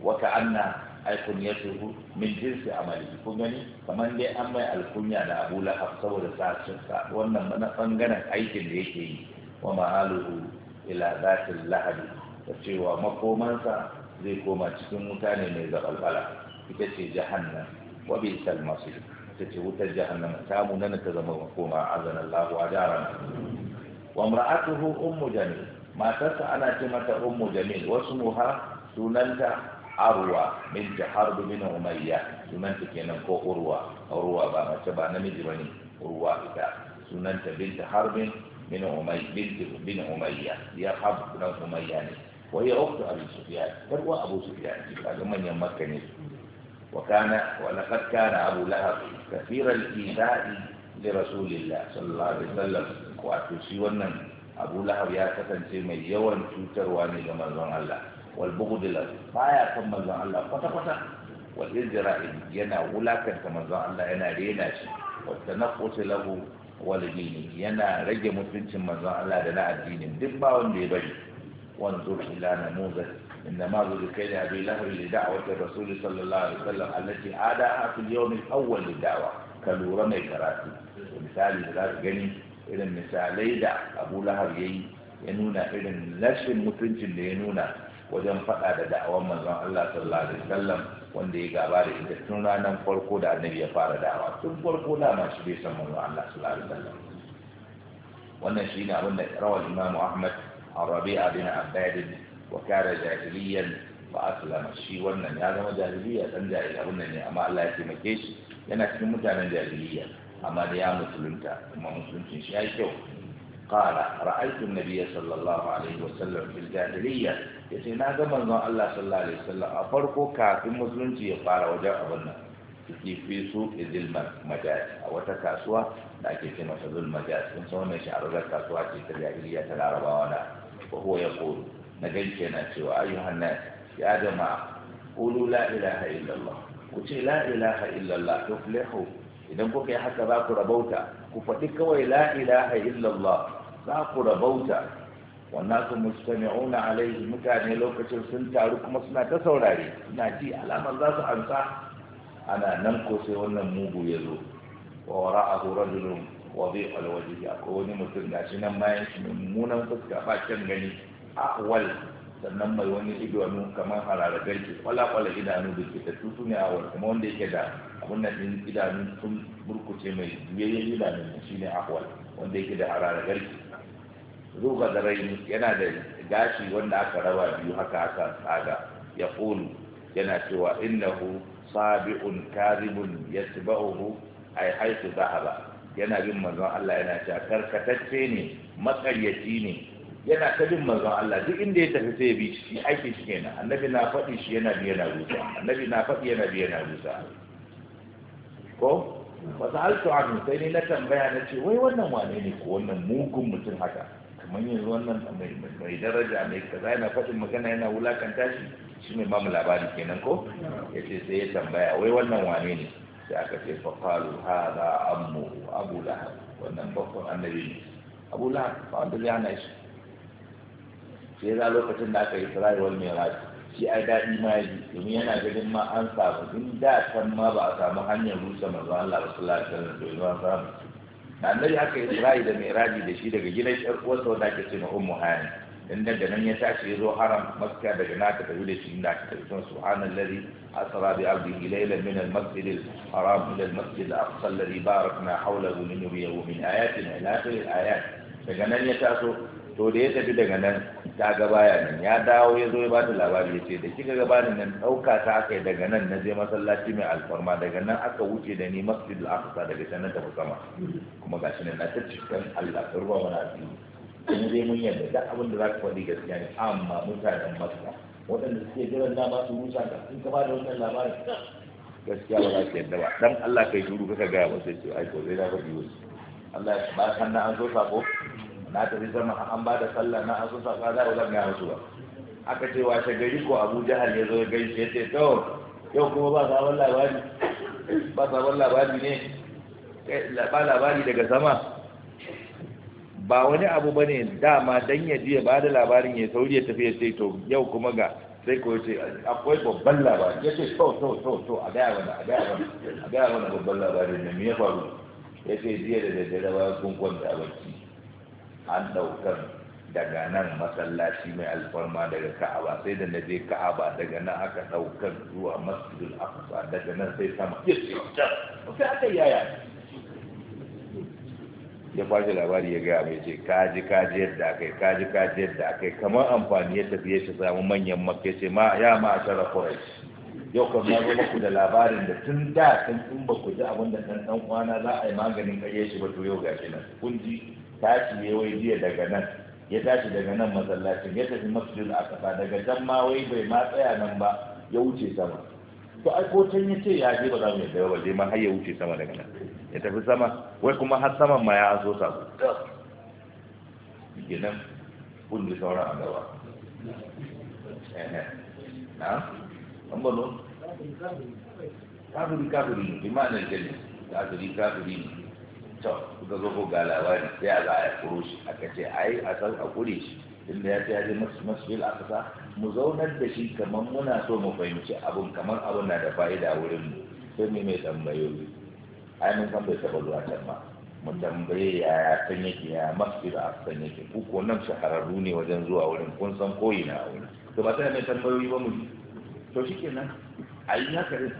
wata anna aikun ya tuhu min jinsi amali kun gani kamar dai an mai alkunya da abu lahab saboda sa wannan na bangaren aikin da yake yi wa ma'aluhu ila zatin lahadi da cewa makomansa zai koma cikin wuta mai zabalbala ita ce jahannan. wa bi'sal masir ita ce wutar jahannan. ta mu nan ta zama koma azan Allah wa jaran wa imra'atuhu ummu jamil matarsa ana ce mata ummu jamil wasu muha sunanta arwa min jahar bin umayya sunanta kenan ko urwa urwa ba mace ba namiji bane urwa ita sunanta binta harbin bin umayya bin umayya ya hab bin umayya ne وهي أخت أبي سفيان فهو أبو سفيان هذا من يمكن وكان ولقد كان أبو لهب كثير الإيذاء لرسول الله صلى الله عليه وسلم وأتوسي ونن أبو لهب يا كتن سيمي يوان توتر واني لمن الله والبغض له ما يكون من الله قطع قطع والإزراء ينا ولاكن كمن الله ينا ريناش والتنقص له والدين ينا رجم تنشم من الله لنا الدين دبا ونبي وانظر إلى نموذج من نماذج كان أبي لهب لدعوة الرسول صلى الله عليه وسلم التي عادها في اليوم الأول للدعوة كالورة الكراسي ومثال ذلك جني إلى مثالي دع أبو لهب يي ينونا إلى لش اللي ينونا وجن فقد دعوة من الله صلى الله عليه وسلم وندي ya ان da ita tun ranar farko da دعوة ثم fara لا ما شبيه da الله صلى الله عليه وسلم وانا شينا وانا روى الإمام أحمد عن ربيعة بن عباد وكان جاهليا فأسلم الشيء wannan ya zama jahiliya dan jahiliya wannan ne amma Allah ya taimake shi yana cikin mutanen jahiliya amma da ya musulunta kuma musuluncin shi ya kyau قال رأيت النبي صلى الله عليه وسلم في الجاهلية yace na ga manzon Allah sallallahu alaihi wasallam a farko kafin musulunci ya fara wajen abin nan fi fi su izil majaz a wata kasuwa da ake ce masa zulmajaz kun san wannan kasuwa ce ta jahiliya ta larabawa da wa ya yaqul na ganke na cewa ayyuhan nas ya jama'a qulu la ilaha illallah ku ce la ilaha illallah tuflihu idan kuka yi haka za ku rabauta ku faɗi kawai la ilaha illallah za ku rabauta wannan su mustami'una alaihi mutane lokacin sun taru kuma suna ta saurare suna ji alamar zasu su ansa ana nan ko sai wannan mugu ya zo a wara'ahu rajulun wazi alwaji akwai wani mutum da shi nan bayan shi mummunan fuska ba kyan gani a akwal sannan mai wani idanu kamar garki wala kwala idanu da ke da tutu ne wal kuma wanda yake da abun nan din idanu sun burkuce mai juyayyen idanu shi ne wal wanda yake da harar garki. zuba da rai yana da gashi wanda aka raba biyu haka aka tsaga ya kulu yana cewa innahu sabi'un kadhibun yatba'uhu ay haythu dhahaba yana bin manzon Allah yana cewa karkatacce ne makaryaci ne yana ta bin manzon Allah duk inda ya tafi sai ya bi shi aiki shi kenan annabi na faɗi shi yana bi yana rusa annabi na faɗi yana bi yana rusa ko za altu anhu sai ne na tambaya na ce wai wannan wane ne ko wannan mugun mutum haka kamar yanzu wannan mai daraja mai kaza yana faɗin magana yana wulakanta shi shi mai mu labari kenan ko ya ce sai ya tambaya wai wannan wane ne sai aka ce faƙalu hada ammu abu lahab wannan bakon annabi ne abu lahab ba wanda zai hana shi sai za lokacin da aka yi sirari mai miraj shi ai daɗi ma yi domin yana ganin ma an samu in da can ma ba a samu hanyar rusa manzo Allah sallallahu alaihi wasallam to yanzu an samu da annabi aka yi sirari da miraji da shi daga gidan shi uwarsa wanda ake ce ma ummu hayan dan da nan ya tashi ya zo haram maska daga na ta tafi da shi inda aka tafi subhanallahi أسرى بعبده ليلا من المسجد الحرام إلى المسجد الأقصى الذي باركنا حوله لنريه من آياتنا إلى آخر الآيات فجنان يتأسو to da ya tafi daga nan ta ga baya nan ya dawo ya zo ya bata labari ya ce da kika ga nan ɗauka ta aka yi daga nan na je masallaci mai alfarma daga nan aka wuce da ni masjid al-aqsa daga can na tafi sama kuma gashi nan na ta kan Allah ruwa mana asiri in dai mun yarda da abin da za ka faɗi gaskiya ne amma mutanen Makka waɗanda suke jiran dama su rusa ka in ka bada wannan labarin gaskiya ba za ka yadda ba dan Allah kai duru kaka gaya ba sai ce ai ko zai dafa biyu Allah ya ba kan na an zo sako na tafi sama an ba da sallah na an zo sako za ba zan gaya musu ba aka ce washe gari ko Abu Jahal ya zo ya gaishe ya ce to yau kuma ba sabon labari ba sabon labari ne eh, ba labari daga sama ba wani abu ba ne dama don ya ya ba da labarin ya sauri ya tafi ya ce to yau kuma ga sai ko ce akwai babban labari ya ce so-so-so so a gaya wani a gaya wani a gaya wani babban labarin ne mai ya faru ya ce jiya da daddare ba gungun da a an daukar daga nan masallaci mai alfarma daga ka'aba sai da na je ka'aba daga nan aka daukar zuwa masjidul aqsa daga nan sai sama ya ce ta aka yaya ya fashe labari ya gaya mai ce kaji kaji yadda aka yi kaji kaji yadda aka kamar amfani ya tafi shi samu manyan makke ce ma ya ma a shara yau kan na zo da labarin da tun da tun tun ba ku ji abin da ɗan ɗan kwana za a yi maganin ƙarye shi ba to yau gashi nan kun ji tashi ya wai jiya daga nan ya tashi daga nan masallacin ya tafi masjid a ƙasa daga can ma wai bai ma tsaya nan ba ya wuce sama to ai ko can ya ce ya je ba za mu yadda ba je ma har ya wuce sama daga nan ya tafi sama wai kuma har saman ma ya zo sa kenan kun ji sauran a gaba na an bano kafiri kafiri ne imanin jali kafiri kafiri ne to kuka zo ko ga labari sai a za a kuro shi aka ce ai a san a kure shi tunda ya ce ya je masjid a kasa mu zaunar da shi kamar muna so mu fahimci abun kamar abun na da fa'ida wurin mu sai mu mai tambayoyi ai mun san bai taba zuwa can ba mu tambaye yaya san yake ya masjid a san yake ku ko nan shahararru ne wajen zuwa wurin kun san koyi na wurin to ba ta mai tambayoyi ba mu ji to shikenan a yi haka din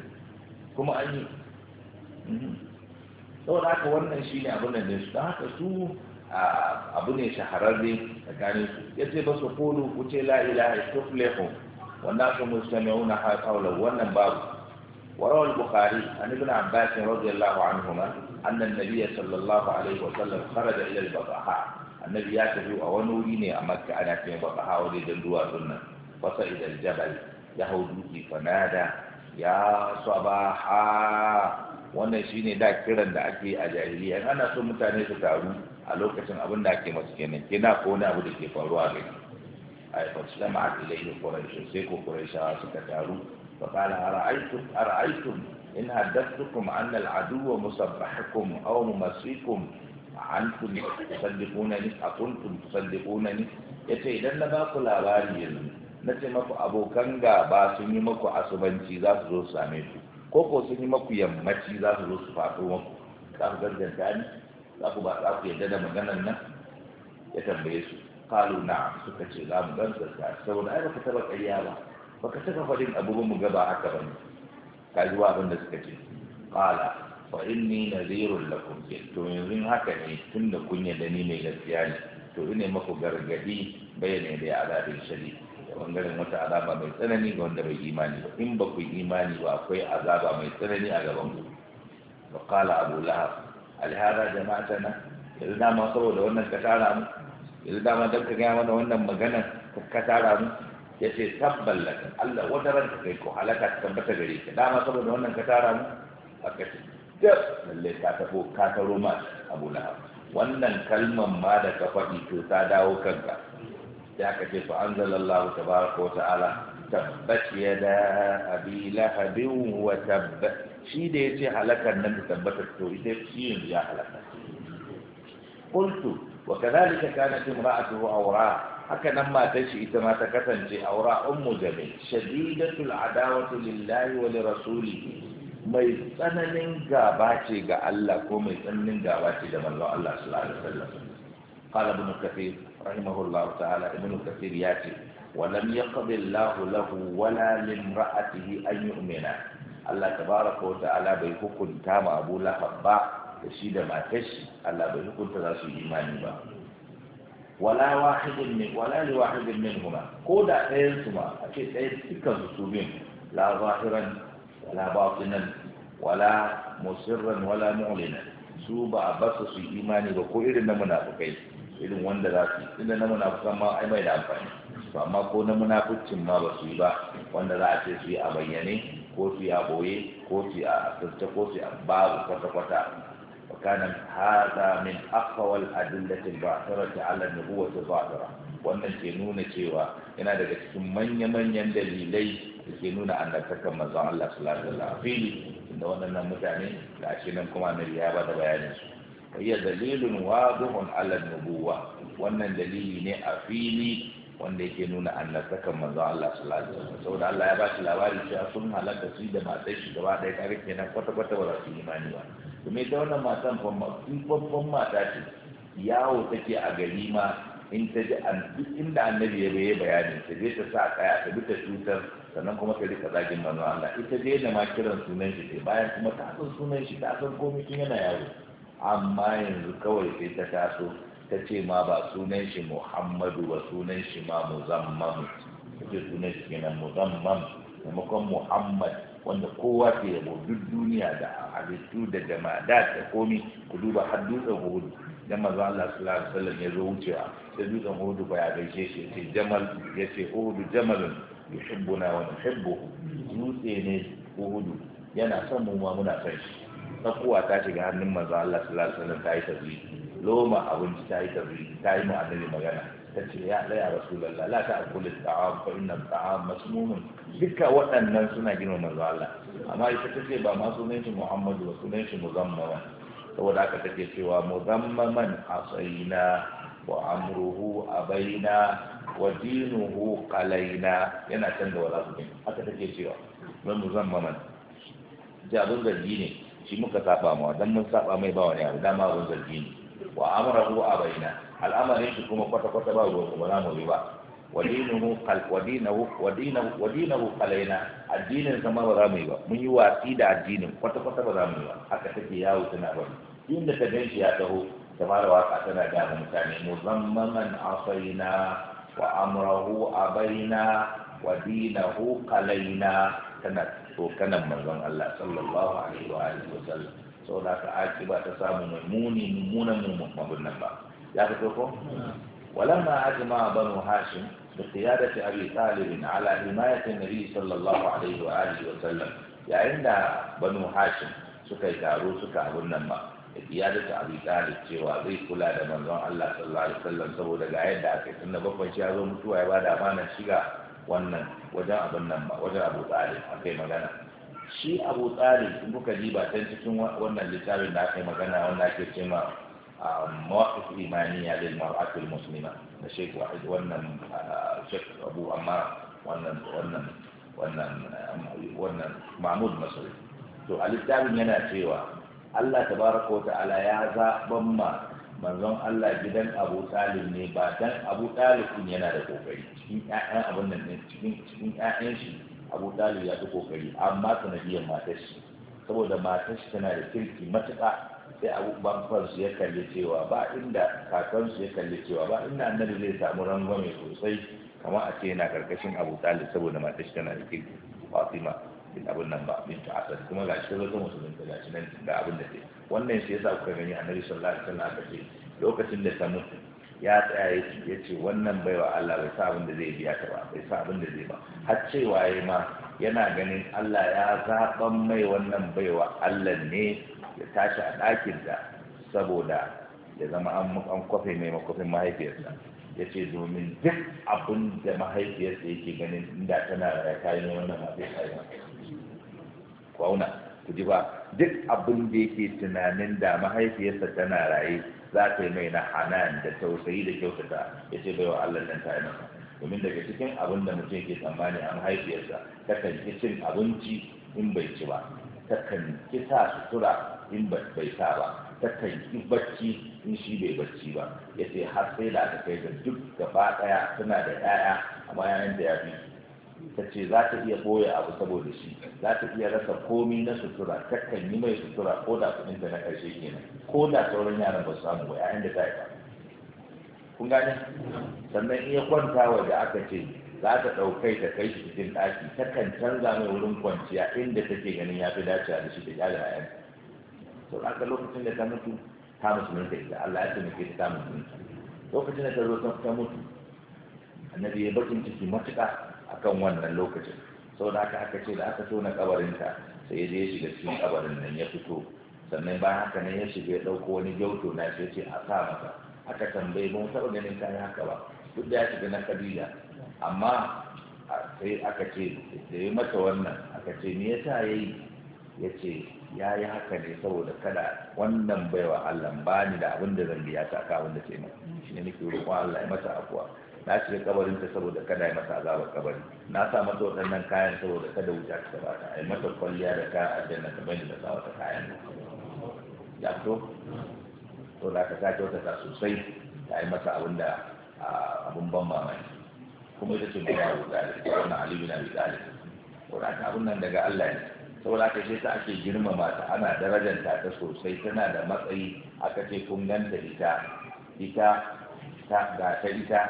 kuma an yi mhm. saboda haka wannan shi ne abin da su haka su abu ne shahararre tsakanin su ya ce ba su kulu ku ce la ilaha tuflihu wannan su mustamiu na haƙaula wannan babu warawal bukhari an ibn abbas radiyallahu anhu ma anna nabiyya sallallahu alaihi wa sallam kharaja ila al-baqaha annabi ya tafi a wani wuri ne a makka ana cikin baqaha wuri dan duwa sunna fa sa'ida al-jabal ya hawdu fi ya sabaha wannan shine da kiran da ake a jahiliya in ana so mutane su taru a lokacin abin da ake masu kenan kina ko wani abu da ke faruwa gani a yi fasu da ma'a ilayhi quraish sai ko quraishawa suka taru fa qala ara'aytum ara'aytum in haddathtukum anna al musabbahakum aw mumasikum antum tusaddiqunani akuntum tusaddiqunani yace idan na ba ku labari yanzu na ce maku abokan gaba sun yi maku asubanci za su zo su same ku ko ko sun yi maku yammaci za su zo su faɗo maku za ku gagganta ni za ku ba za ku yarda da maganan nan ya tambaye su kalu na suka ce za mu gagganta saboda ai baka taba ƙarya ba baka taba faɗin abubuwan mu gaba haka ba ne ka ji abin da suka ce kala fa inni kun lakum to yanzu haka ne tunda kun yadda ni mai gaskiya ne to ina maku gargadi bayyana da azabin shari'a da bangaren wata azaba mai tsanani ga wanda bai imani ba in ba ku imani ba akwai azaba mai tsanani a gaban ku wa kala abu lahab alhada tana, yanzu dama saboda wannan ka tara mu yanzu dama dan ka gaya mana wannan magana ka tara mu ya ce tabbal lakin Allah wata ka kai ko halaka ta tabbata gare ka dama saboda wannan ka tara mu a ce dab lalle ka tafo ka taro ma abu lahab wannan kalman ma da ka faɗi to ta dawo kanka sai aka ce fa anzalallahu tabaraka wa ta'ala tabbat yada abi lahabin wa tabb shi da yace halakar nan da tabbata to ita shi ne ya halaka qultu wa kadhalika kanat imra'atuhu awra haka nan matar shi ita ma ta kasance aura ummu jamil shadidatul adawati lillahi wa lirasulihi mai tsananin gaba ce ga Allah ko mai tsananin gaba ce da manzon Allah sallallahu alaihi wasallam qala ibn kathir rahimahullah ta'ala ibn kathir ya ce wa lam yaqdi Allah lahu wala min ra'atihi an yu'mina Allah tabaraka wa ta'ala bai hukunta ma Abu Lahab ba da shi da matar shi Allah bai hukunta za su imani ba wala wahidin min wala li wahidin minhuma ko da ɗayan su ma a ce ɗayan dukkan su su bin la zahiran wala batinan wala musirran wala mu'linan su ba a basu su imani ba ko irin na munafukai irin wanda za su yi na munafukan ma ai mai da amfani to amma ko na munafucin ma ba su yi ba wanda za a ce su yi a bayyane ko su yi a boye ko su yi a asirce ko su yi a babu kwata-kwata وكان ba من أقوى الأدلة الباطرة على النبوة الظاهرة wannan ke nuna cewa yana daga cikin manya-manyan dalilai da ke nuna annabtakan manzon Allah sallallahu alaihi wasallam fili inda mutane da ashe nan kuma annabi ya bada bayanin su hiya dalilun wadihun ala wa? wannan dalili ne a fili wanda yake nuna annabtakan manzo Allah sallallahu alaihi wasallam saboda Allah ya ba shi labari cewa sun halatta da matar shi gaba ɗaya kare kenan ta ba za su imani ba kuma ita wannan matan babban mata ce yawo take a gari ma in ta ji an duk inda annabi ya bai bayani ta je ta sa kaya ta bi ta cutar sannan kuma ta rika zagin manzo Allah ita je na ma kiran sunan shi bayan kuma ta san sunan shi ta san komai yana yaro amma yanzu kawai sai ta taso ta ce ma ba sunan shi muhammadu ba sunan shi ma muzamman ta ce sunan shi kenan muzamman maimakon muhammad wanda kowa ke yabo duk duniya da halittu da jama'a da komi ku duba har dutsen hudu dan manzo Allah sallallahu alaihi wasallam ya zo wucewa sai dutsen hudu ba ya gaishe shi ce jamal ya ce hudu jamalun yuhibbuna wa nuhibbuhu dutse ne hudu yana son mu ma muna son shi tsakuwa ta shiga hannun manzo Allah sallallahu alaihi wasallam ta yi tazwiji loma abinci ta yi tazwiji ta yi mu magana ta ce ya la ya rasulullah la ta akulu ta'am fa inna ta'am masmumun dukkan waɗannan suna gina manzo Allah amma ita ta ce ba ma sunan shi Muhammadu ba sunan shi muzammaman saboda haka take cewa muzammaman asaina wa amruhu abaina wa dinuhu qalaina yana canza da ne. haka take cewa don muzammaman jabin zargi ne shi muka saba ma dan mun saba mai ba wani abu dama abun zargi ne wa amrahu abaina al'amarin shi kuma kwata kwata ba ruwa ba za mu yi ba ودينه ba za mu yi ba, mun yi برامي da addinin kwata-kwata ba za mu yi ba, haka take yawo tana ba inda ta ganshi ya taho kamar waka tana da mutane muzammaman asaina wa amrahu abaina wa dinahu qalaina tana tsokanan manzon Allah sallallahu Alaihi wa sallam sau da aka aki ba ta samu mai muni mummunan mummunan nan ba ya ka tsoko? walan ma aji ma banu hashim da siyadati abi talibin ala himayatin nabi sallallahu alaihi wa alihi wa sallam yayin da banu hashim suka yi taro suka abun nan ba da siyadati abi talib cewa zai kula da manzon Allah sallallahu alaihi wa sallam saboda ga yadda aka tunda bakwai ya zo mutuwa ya ba da amana shiga wannan wajen abin nan ba wajen abu tsari aka kai magana shi abu tsari in kuka diba ta cikin wannan littafin da aka yi magana wanda ake ce ma mawaƙif imaniya lil mar'atul muslima da sheikh wahid wannan sheikh abu amma wannan wannan wannan wannan mahmud masri to a littafin yana cewa Allah tabaraka wa ta'ala ya zaɓan ma manzon Allah gidan Abu Talib ne ba dan Abu Talib din yana da kokari cikin ƴaƴan abin nan ne cikin cikin ƴaƴan shi Abu Talib ya fi kokari amma sanadiyar matar shi saboda matar shi tana da kirki matuƙa sai Abu Bakar ya kalli cewa ba inda kakan ya kalli cewa ba inda annabi zai samu rangwame sosai kamar a ce yana karkashin Abu Talib saboda matar shi tana da kirki Fatima din abin nan ba bin ta'asar kuma gashi ta zo musulunta gashi nan da abin da take wannan shi yasa kuka gani annabi sallallahu alaihi wasallam aka ce lokacin da ta mutu ya tsaya ya ce wannan baiwa Allah bai sa abin da zai biya ta ba bai sa abin da zai ba har cewa waye ma yana ganin Allah ya zaɓan mai wannan baiwa Allah ne ya tashi a ɗakin da saboda ya zama an an kwafe mai makwafin mahaifiyarsa ya ce domin duk abin da mahaifiyarsa yake ganin inda tana da ta yi wannan mafi kwauna ku ji ba duk abin da yake tunanin da mahaifiyarsa tana raye za ta yi mai na hanan da tausayi da kyautata ya ce bai wa Allah nan ta yi masa domin daga cikin abin da mutum ke tsammani a mahaifiyarsa takan ki cin abinci in bai ci ba takan ki sa sutura in bai sa ba takan ki bacci in shi bai bacci ba ya ce har sai da aka kai ga duk gaba ɗaya suna da 'ya'ya amma yayin da ya fi ta ce za ta iya boye abu saboda shi za ta iya rasa komi na sutura takan yi mai sutura ko da kuɗin ta na ƙarshe kenan ko da sauran yaran ba su samu ba yayin da ta yi ba kun gane sannan iya kwanta da aka ce za ta ɗaukai ta kai shi cikin ɗaki takan canza mai wurin kwanciya inda take ganin ya fi dacewa da shi da ya da yan to aka lokacin da ta mutu ta musulunta ita Allah ya taimake ta ta musulunta lokacin da ta zo ta mutu annabi ya bakin ciki matuƙa akan wannan lokacin sau da aka ce da aka tona kabarinta sai ya je ya shiga cikin kabarin nan ya fito sannan bayan haka nan ya shiga ya ɗauko wani gyauto na shi ya ce a sa masa aka tambaye ba mu taɓa ganin kayan haka ba duk da ya shiga na kabila amma sai aka ce da ya mata wannan aka ce me yasa ya yi ya ce ya yi haka ne saboda kada wannan baiwa Allah ba ni da abin da zan biya ta aka abin da ce ne shi ne nake roƙon Allah ya mata afuwa na shiga kabarin ta saboda kada ya masa azabar kabari na sa masa waɗannan kayan saboda kada wuta ta ba ta ai mata kwalliya da ka a aljanna ta bai da sa wata kayan ya to to da ka sake wata ta sosai ta yi masa abin da abin ban mamaki kuma ita ce mai yawo zalim wannan alibi na bizali wanda ka abin nan daga Allah ne saboda ka ce ta ake girmama ta ana darajanta ta sosai tana da matsayi aka ce kun ganta ita ita ga ta ita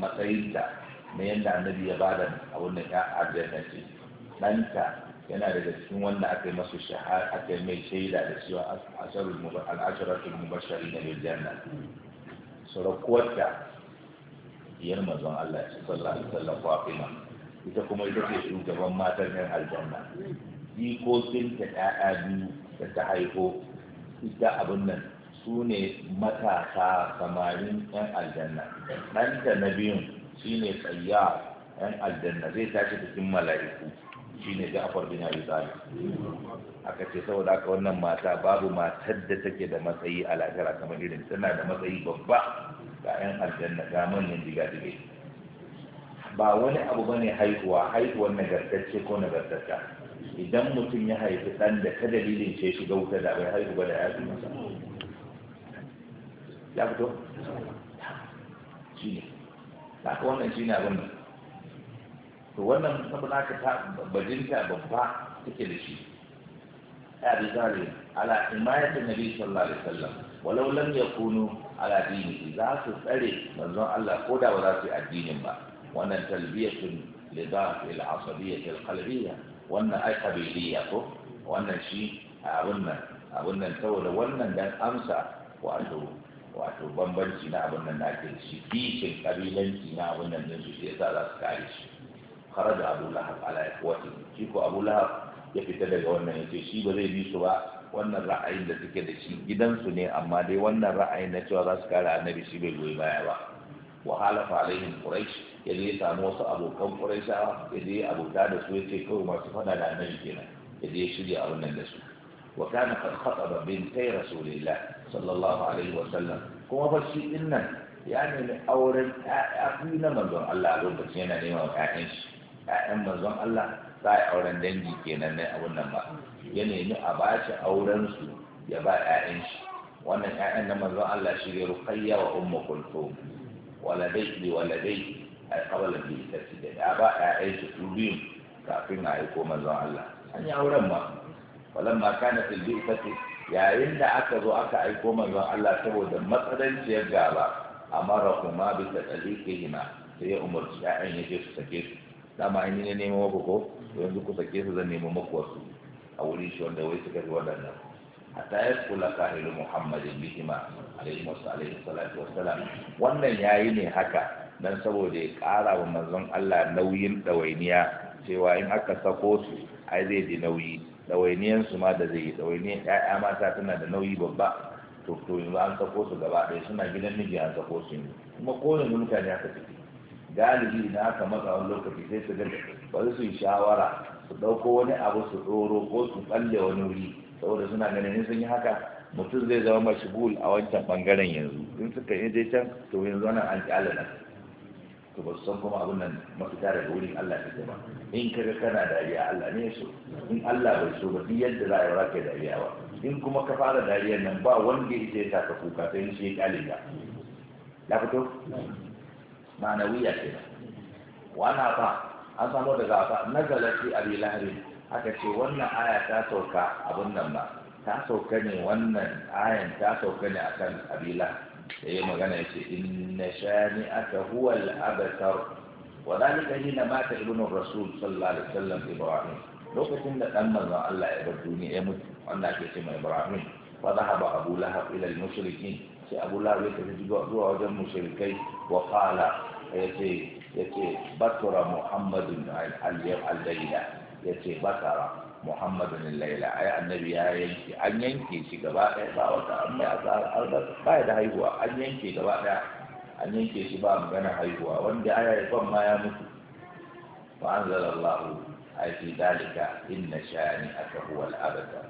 matsayinta na yadda annabi ya bada a wannan ya aljanna ce ɗanta yana daga cikin wanda aka yi masu shahar aka yi mai shaida da cewa al'asharatul mubashari na bil janna sarakuwarta yar mazan Allah ce sallallahu alaihi wasallam Fatima ita kuma ita ce shugaban matar nan aljanna jikokin ta ɗaya biyu da ta haifo ita abin nan su ne matasa samarin 'yan aljanna ɗanta na biyun shi ne tsayya 'yan aljanna zai tashi cikin mala'iku shi ne afar bin abi talib aka ce saboda haka wannan mata babu matar da take da matsayi a lahira kamar irin tana da matsayi babba ga 'yan aljanna ga manyan diga ba wani abu bane haihuwa haihuwar nagartacce ko nagartacce idan mutum ya haifi ɗan da ta dalilin ce shiga wuta da bai haihu ba da ya fi masa ya fito shi ne da aka wannan shi ne abin nan to wannan sabon aka ta bajinta babba take da shi ya bi zari ala imayatin nabi sallallahu alaihi wasallam walau lam yakunu ala dini za su tsare manzon Allah ko da ba za su yi addinin ba wannan talbiyatun lidaf il asabiyyah al qalbiyyah wannan ai kabiliya ko wannan shi abun nan abun nan saboda wannan dan amsa wato wato bambanci na abin nan da ake shi kishin kabilanci na abin nan din su shi yasa za su kare shi kharaja abu lahab ala ikwati shi ko abu lahab ya fita daga wannan yace shi ba zai bi su ba wannan ra'ayin da suke da shi gidansu ne amma dai wannan ra'ayin na cewa za su kare annabi shi bai goyi baya ba wa halafa alaihim quraish ya je ya samu wasu abokan quraishawa ya je abota da su yace kawai masu fada da annabi kenan ya je ya shirya abin nan da su wa kana qad khataba bintai rasulillah sallallahu alaihi wasallam kuma fa shi ya nemi auren ƴaƴa biyu na manzon Allah a lokacin yana neman ƴaƴan shi ƴaƴan manzon Allah za a auren dangi kenan ne abun nan ba ya nemi a ba shi auren su ya ba ƴaƴan shi wannan ƴaƴan na manzon Allah shi ne Ruqayya wa Ummu Kulthum waladai waladai a kawalan bi ita ce da ba ƴaƴan shi su biyu kafin a aiko manzon Allah an yi auren ma walamma kana fil bi'tati yayin da aka zo aka aiko manzon Allah saboda matsalanciyar gaba amara kuma bi tsalikihima sai ya umarci ya'yan ya je su sake su dama in ne nemo muku ko ko yanzu ku sake su zan nemo muku wasu a wurin shi wanda wai suka fi waɗannan hatta ya kula kahilu muhammadin bihima alaihi wasu alaihi salatu Wasalam. wannan yayi ne haka dan saboda ya ƙara wa manzon Allah nauyin ɗawainiya cewa in aka sako su ai zai ji nauyi su ma da zai yi ɗawainiyar ‘ya'ya mata tana da nauyi babba to to yanzu an sako su gaba ɗaya suna gidan miji an sako su yanzu kuma kowane mutane aka ciki galibi na aka matsa wani lokaci sai su ga bari su yi shawara su ɗauko wani abu su ɗoro ko su ɓalle wani wuri saboda suna ganin in sun yi haka mutum zai zama mashigul a wancan ɓangaren yanzu in suka yi je can to yanzu nan an ƙyale na to ba su san kuma abin nan mafita daga wurin Allah ke ba in ka kaga kana dariya Allah ne so in Allah bai so ba duk yadda za a yi raka dariya ba in kuma ka fara dariyar nan ba wanda ya ce ka kuka sai shi ya kyale ka ya fito ma'anawiya ce wana ba an samu daga ba Na fi abi lahri aka ce wannan aya ta sauka abin nan ba ta sauka ne wannan ayan ta sauka ne akan abila da ya magana ya ce inna shani aka huwa al'abatar wa zalika hina mata ibnu rasul sallallahu alaihi wasallam ibrahim lokacin da dan manzon Allah ya bar duniya ya mutu wanda ake ce mai ibrahim fa dhahaba abu lahab ila al-mushrikin sai abu lahab ya tafi zuwa wajen mushrikai wa qala yace yace batara muhammadun al-yawm al-layla yace batara muhammadun laila ai annabi ya yanke an yanke shi gaba ɗaya ba wata an mai asar ba da haihuwa an yanke gaba ɗaya an yanke shi ba magana haihuwa wanda aya ya ma ya mutu wa anzalallahu ai fi dalika inna shani aka huwa al'abata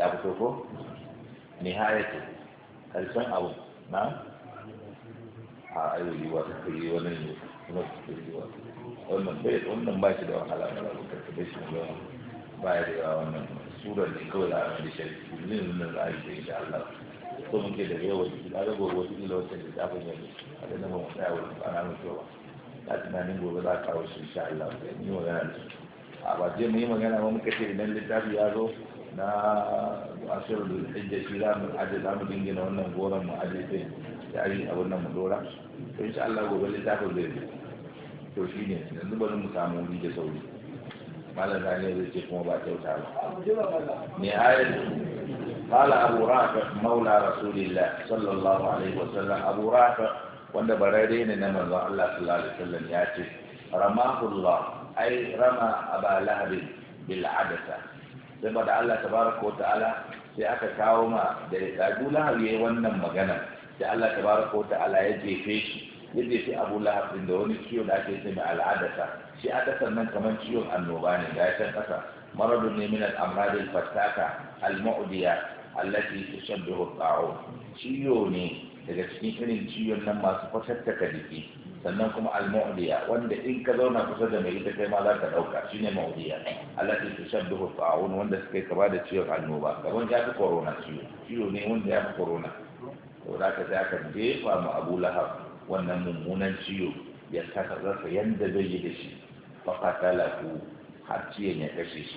ya fito ko nihayatu karshen abu na a ayoyi wata kuri wani ne kuma su kuri wata wannan bai wannan ba shi da wahala na lokacin da shi ne baya da yawa wannan surar ne kawai da abin da kullum nan za a yi da Allah ko muke da yawa wajen da gobe wajen ila wata da zafin yanzu a da nama mun tsaya wajen ana mutuwa ba na tunanin gobe za a kawo shi insha Allah da ni magana da su a ba je mu yi magana ba muka ce idan littafi ya zo na asirar da hijja shi za mu aje za mu dingina wannan goron mu aje sai da yi a wannan mu dora to insha Allah gobe littafin zai zo to shine yanzu bari mu samu wuri da sauri malam zaniya zai ce kuma ba kyauta ba nihayar قال أبو رافع مولى رسول الله صلى الله عليه وسلم أبو رافع وأن بريرين نمر الله صلى الله عليه وسلم يأتي رماه الله أي رمى أبا لهب بالعدسة saboda Allah tabaraka wa ta'ala sai aka kawo ma da Abu Lahab yayi wannan magana sai Allah tabaraka wa ta'ala ya jefe shi ya jefe Abu Lahab da wani ciwo da ake al'adata shi a ƙasar nan kamar ciwon annoba ne ga can ƙasa maradun ne min al'amradin fattaka al-ma'udiya allati tushabbihu ta'un ciwo ne daga cikin irin ciwon nan masu fatattaka jiki sannan kuma al-mu'diya wanda in ka zauna kusa da mai ita kai ma za ka dauka shine mu'diya allati tushabbihu ta'un wanda suka kaba da ciwon annoba gaban ya fi korona ciwo ciwo ne wanda ya fi korona to za ka sai aka jefa mu Abu Lahab wannan mummunan ciwo ya saka rasa yanda zai yi da shi فقتله حتى يكشف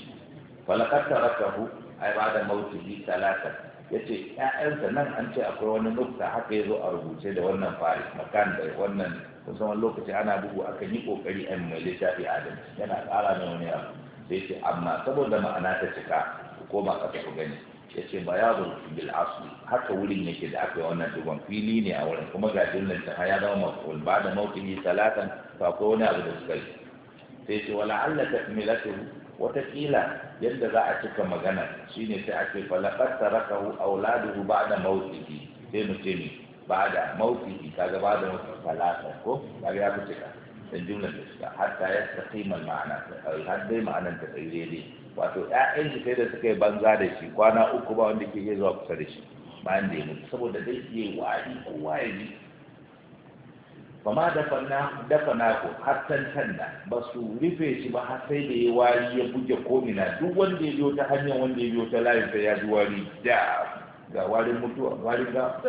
فلقد تركه أي بعد موته ثلاثة yace ƴaƴansa nan an ce akwai wani nukta haka ya zo a rubuce da wannan fari makan da wannan kusan wani lokaci ana bugu akan yi kokari a mai littafi adam yana ƙara mai wani abu sai ce amma saboda ma'ana ta cika ku koma ƙasa ku gani ya ce ba ya bil asu haka wurin yake da aka yi wannan duban fili ne a wurin kuma ga jinnan ta ya zama maful ba da mautin yi salatan to akwai wani abu da suka yi sai ce wala alla takmilatuhu watakila yadda za a cika magana shine sai a ce falaqad tarakahu auladuhu ba'da mautihi sai mu ce ni ba'da mautihi kaga ba'da mautihi falaqad ko kaga ya fice ka dan jumlar da suka ta ya taqima ma'ana har dai ma'anar ta tsaye daidai wato ƴaƴan shi sai da suka yi banza da shi kwana uku ba wanda ke iya zuwa kusa da shi bayan da ya mutu saboda dai ya wari ko ya ba ma dafa nako har da ba su rufe shi ba har sai da ya wari ya buge komina duk wanda ya biyo ta hanyar wanda ya biyo ta layin sai ya ji wari da ga warin mutuwa warin ga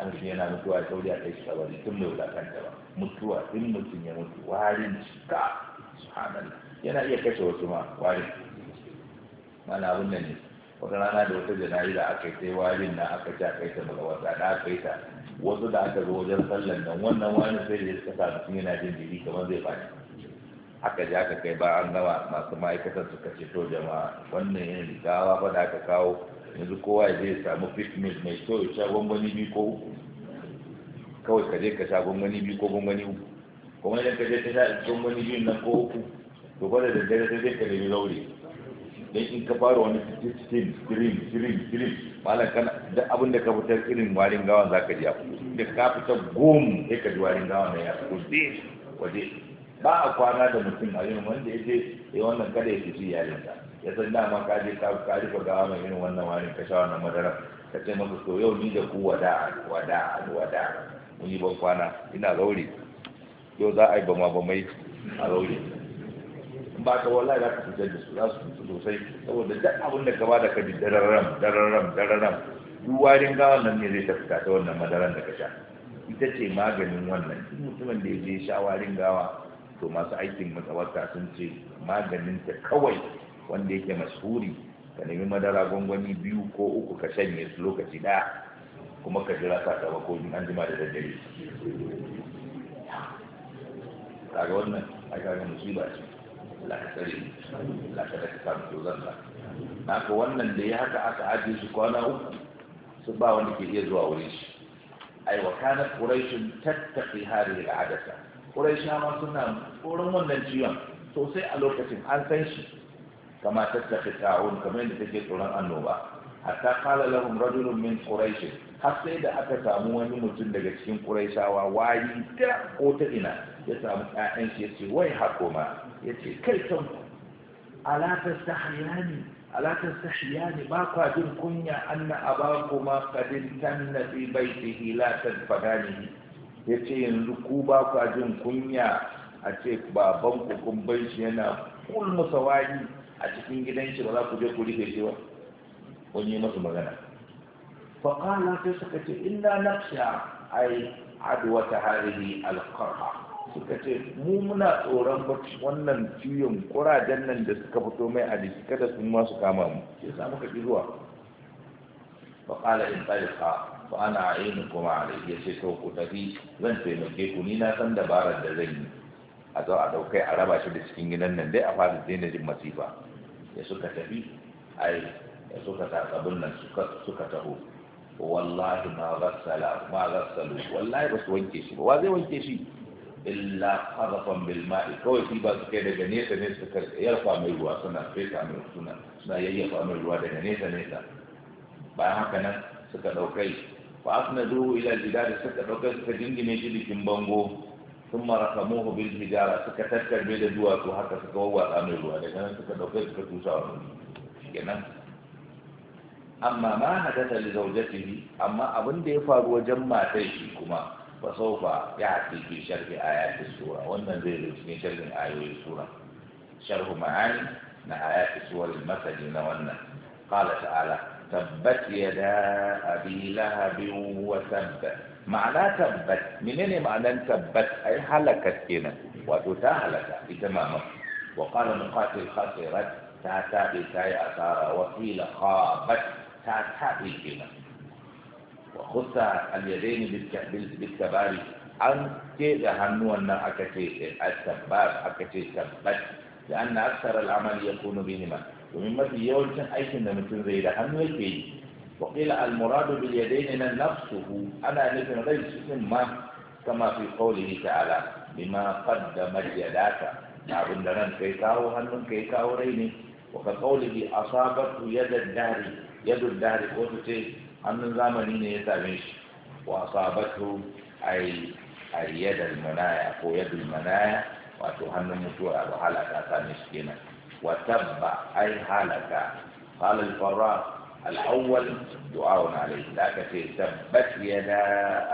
an shi yana mutuwa sau a kai shi kabari tun mai wulakanta ba mutuwa tun mutum ya mutu warin cika subhanallah yana iya kashe wasu ma warin mana abin nan ne wata rana da wata jana'iza aka yi sai warin na aka ci aka yi ta daga wata da aka yi ta wasu da aka zo wajen sallan nan wannan wani sai da suka sa mutum yana jin jiri kamar zai faɗi aka ji aka kai ba an gama masu ma'aikatan suka ceto jama'a wannan yin gawa ba da aka kawo yanzu kowa ya je samu fitness mai kyau ya sha gwangwani biyu ko uku kawai ka je ka sha gwangwani biyu ko gwangwani uku kuma idan ka je ka sha gwangwani biyu nan ko uku to ba da daddare sai dai ka nemi raure dan in ka fara wani 15 stream stream stream malam kana abin da ka fitar irin warin gawan zaka ji a da ka fitar gom sai ka ji warin gawan da ya fito zai waje ba a kwana da mutum a yin wanda ya je ya wannan kada ya fiti yalinka ya san dama ka je ka ka rufe gawa mai irin wannan warin ka sha wannan madara ka ce masa to yau ni da ku wada wada wada mun yi ban kwana ina zaure yau za a yi bama bamai a zaure ba ta wallahi za ka fitar da su za su fito sosai saboda duk abin da ka ba da kaji dararam dararam dararam duk warin gawan nan ne zai ta fita ta wannan madaran da ka sha ita ce maganin wannan duk mutumin da ya je sha warin gawa to masu aikin matsawarta sun ce maganin ta kawai wanda yake mashuri ka nemi madara gwangwani biyu ko uku ka shanye su lokaci daya kuma ka jira ko an jima da daddare kaga wannan a kaga musiba ce Allah da ka samu dozan Na haka wannan da ya haka aka ajiye su kwana uku su ba wani ke iya zuwa wuri. shi ai wa kana quraishun tattaqi hadhihi al'adata quraisha ma suna tsoron wannan ciwon sosai a lokacin an san shi kama tattafi ta'un kamar yadda take tsoron annoba hatta kala lahum rajulun min quraish har sai da aka samu wani mutum daga cikin quraishawa wayi ta ko ta ina ya samu ƴaƴan shi yace wai hako ma ya ce kai alatar ta hayani alatar ta ba kwa kunya an na aba kuma kadin tan na bai ta hilatar fadani ya ce yanzu ku ba kwa kunya a ce baban ku bai shi yana kul musawani a cikin gidan shi ba za ku je ku rike shi ba Wani yi masu magana faƙala sai suka ce inna nafsha ai adwata hadhihi alqarha suka ce mu muna tsoron wannan ciwon kurajen nan da suka fito mai a jiki kada sun masu kama mu ya sa muka zuwa fa qala in tariqa fa ana ainukum alayhi ce to ku tafi zan taimake ku ni na san dabarar da zan yi a zo a daukai a raba shi da cikin gidan nan dai a fara daina jin masifa ya suka tafi ai ya suka takabin nan suka taho wallahi ma ghassala ma ghassalu wallahi ba su wanke shi ba wa zai wanke shi illa qadafan bil ma'i kawai shi ba su kai daga nesa ne su ka yarfa mai ruwa suna fesa mai suna suna yayyafa mai ruwa daga nesa nesa ba haka nan suka daukai fa asna du ila jidari suka daukai suka jingine shi bikin bango sun maraka muhu bil hijara suka tattar mai da duwatsu haka suka wawwatsa mai ruwa daga nan suka daukai suka tusa wa mai kenan amma ma hadata li zaujatihi amma abin da ya faru wajen matai shi kuma فسوف يعطي في شرح آيات السورة والنزيل في شرح آيات السورة شرح معاني من آيات السورة المثل والنزيل قال تعالى تبت يدا أبي لهب وتب معنى تبت منين معنى تبت أي هلكت كنا وتتهلك تماما وقال مقاتل خسرت تعتابي تاي أثار وقيل خابت تعتابي كنا وخص اليدين بالكبار عن هنو أن أكتي السباب أكتي سبت لأن أكثر العمل يكون بهما ومن مثل أي أيضا مثل ذي لهنو وقيل المراد باليدين أن نفسه أنا نفسه ليس ما كما في قوله تعالى بما قدمت يداك abin لنا ran هنو kawo ريني وكقوله أصابت يد الدهر يد الدهر kauli عن الزمن اللي يتمش وأصابته أي اليد المنايا أو يد المنايا وتهن متوى وحلقة مسكينة وتب أي حلقة قال الفراء الأول دعاء عليه لا كثير تبت يدا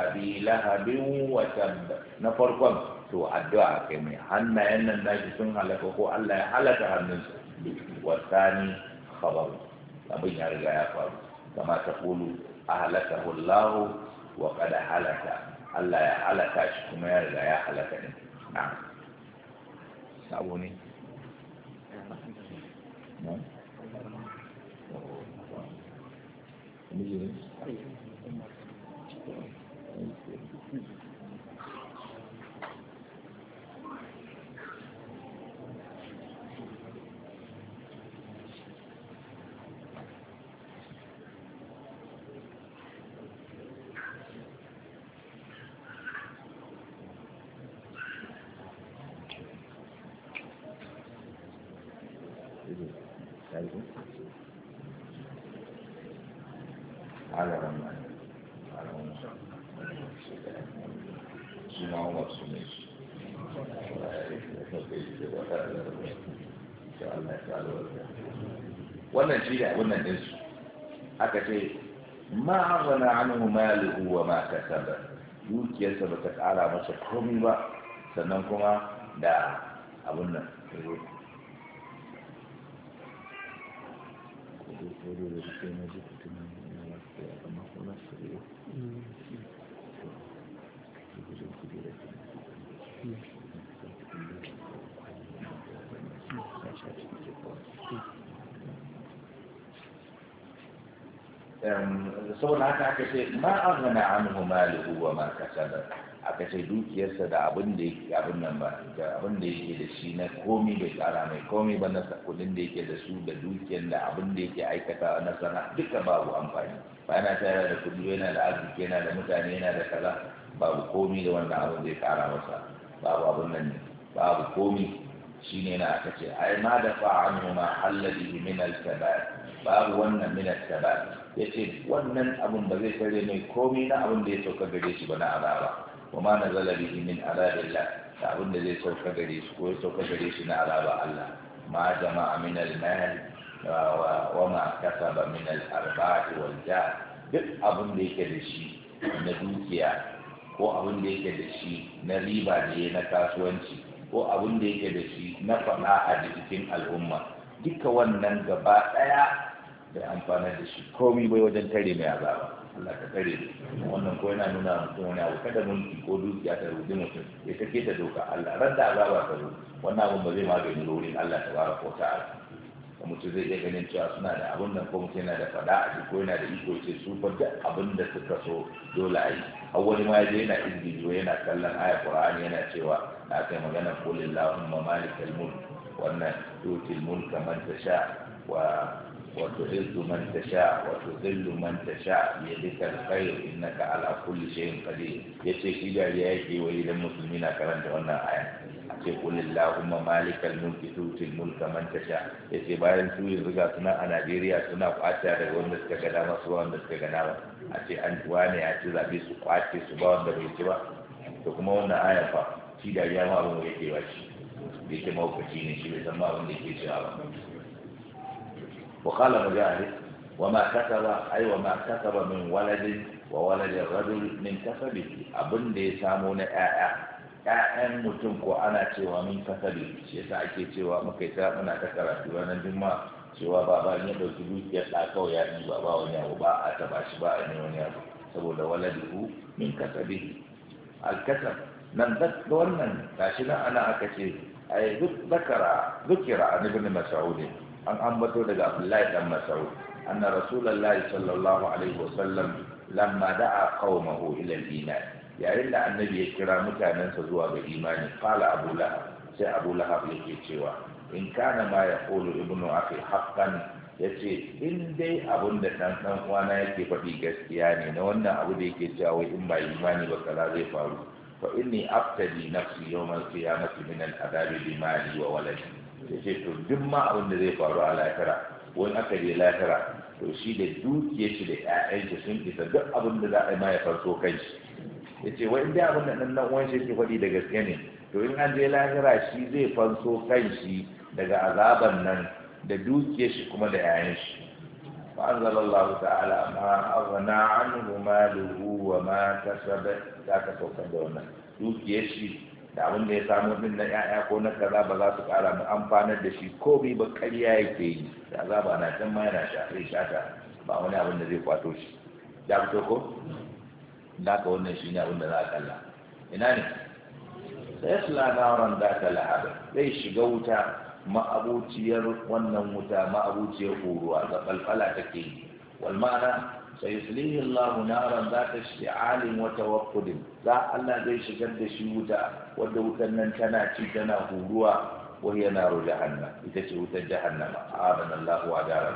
أبي لهب وتب نفركم تو الدعاء كم هن إن الناس سنها لكوه ألا حلقة هن والثاني خبر لم يرجع يا فرد kama ta kulu a halaka hullahu wa kada halaka Allah ya halaka shi kuma ya riga ya halaka ne na sabo ne على رمضان على رمضان wannan shi ne abin din su aka ce ma hazana anhu maluhu wa ma kasaba dukiyarsa ba ta kara masa komi ba sannan kuma da abin nan Mm. saboda haka aka ce ma aghna anhu maluhu wa ma kasaba aka ce dukiyarsa da abin da yake abin nan ba da abin da yake da shi na komi bai tsara mai komi ba nasa kudin da yake da su da dukiyar da abin da yake aikata na sana duka babu amfani ba yana tara da kudi yana da arziki yana da mutane yana da kaza babu komi da wannan abin zai tsara masa babu abin nan ne babu komi shine na aka ce ai ma da fa'anu ma halladi min al-kabair babu wannan min al-kabair ya ce wannan abin ba zai tare mai komi na abin da ya sauka gare shi ba na azaba wa ma na zala bihi min azabillah da abin da zai sauka gare shi ko ya sauka gare shi na azaba Allah ma jama'a min al-mal wa ma kasaba min al-arba'ati wal ja duk abin da yake da shi na dukiya ko abin da yake da shi na riba da ya na kasuwanci ko abin da yake da shi na fana a jikin al'umma duka wannan gaba ɗaya da amfanar da shi komi bai wajen tare mai azaba Allah ka tare wannan ko yana nuna mutum wani abu kada mulki ko dukiya ta rubi mutum ya take ta doka Allah radda azaba ta zo wannan abun ba zai magani wurin Allah ta bara ko ta'ala da mutum zai iya ganin cewa suna da abin nan ko mutum yana da fada a ko yana da iko ce su fa duk abin da suka so dole a yi har wani ma yaje yana izgijo yana kallon aya qur'ani yana cewa na kai magana qul illahumma malikal mulk wannan tutil mulka man tasha wa وتعز من تشاء وتذل من تشاء بيدك الخير انك kai كل شيء قدير yace shi da ya yake wai idan musulmi na karanta wannan aya a ce qul allahumma malikal mulki tutil mulka man tasha yace bayan su yanzu suna a Najeriya suna kwace da wanda suka ga dama su wanda suka dama a ce an wane ya ci zabe su kwace su ba wanda bai ci ba to kuma wannan aya fa shi da ya ma abin yake ba shi yake maukaci ne shi bai san ma abin da yake cewa ba وقال مجاهد وما كسب أي وما كسب من ولد وولد الرجل من كسبه أبن دي سامون آآ ƴaƴan mutum ko ana cewa min kasabi shi yasa ake cewa muka ta muna ta karatu ranar juma'a cewa baba ya dauki dukiyar ɗa kawai ya ɗi ba ba wani abu ba a taba shi ba a ne wani abu saboda waladihu min kasabi al nan da wannan gashi nan ana aka ce ai duk zakara zukira an ibn mas'ud an ambato daga abdullahi dan masau anna rasulullahi sallallahu alaihi wasallam lamma da'a qaumahu ila al-iman yayin da annabi ya kira mutanensa zuwa ga imani qala abu lahab sai abu lahab yake cewa in kana ma yaqulu ibnu akhi haqqan yace in dai abun da dan dan uwana yake faɗi gaskiya ne na wannan abu da yake cewa in ba imani ba kaza zai faru fa inni aftadi nafsi yawmal qiyamati min al-adabi bi mali wa waladi ya ce to duk ma abin da zai faru a lahira wani aka je lahira to shi da dukiyar shi da ƴaƴan shi sun isa duk abin da za a yi ma ya farso kai shi ya ce wai dai abin da ɗan uwan shi ke faɗi da gaske ne to in an je lahira shi zai fanso kan shi daga azaban nan da dukiyar shi kuma da ƴaƴan shi فأنزل الله تعالى ما أغنى عنه ماله وما كسب ذاك سوف دونا دوكيشي da abin da ya samu din na ya'ya ko na kaza ba za su ƙara mu amfanar da shi ko komai ba ƙarya yake yi da azaba na can ma yana shafe shata ba wani abin da zai kwato shi da fito ko da ka wannan shi ne abin da za a kalla ina ne sai su lanaran da ta lahaba zai shiga wuta ma'abuciyar wannan wuta ma'abuciyar horuwa ga falfala take yi wal ma'ana sayuslihi Allahu naran za ta shi'alin wata wakudin za Allah zai shigar da shi wuta wadda wutan nan tana ci tana huruwa wani yana naru jahannam ita ce wutar jahannama amana Allahu wa dara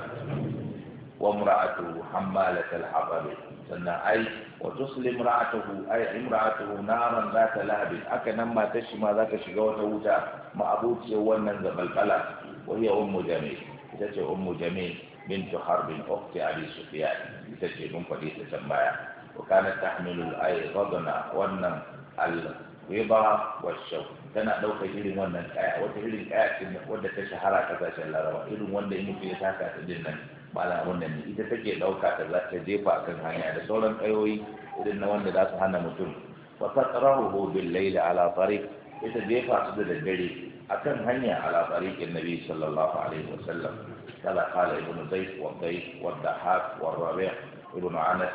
wa imra'atuhu hammalatal hatab sannan ai wa tuslim imra'atuhu ai imra'atuhu naran za ta lahabin aka nan mata shi ma za ta shiga wata wuta ma abociyar wannan zabalkala wani hiya ummu jami'a ita ce ummu jami'a. bintu harbin ukti abi sufyan ita ce mun faɗi ta can baya wa kanat tahmilu a aydadna wannan al-riba wa shaw tana ɗaukar irin wannan kaya wata irin kaya wadda ta shahara kasashen laraba irin wanda in mutum ya taka ta din nan mala ne ita take ɗauka ta za ta jefa akan hanya da sauran kayoyi irin na wanda za su hana mutum wa tatrahu bil layli ala jefa su da daddare akan hanya ala nabi sallallahu alaihi كما قال ابن زيد والضيف والضحاك والربيع ابن عنس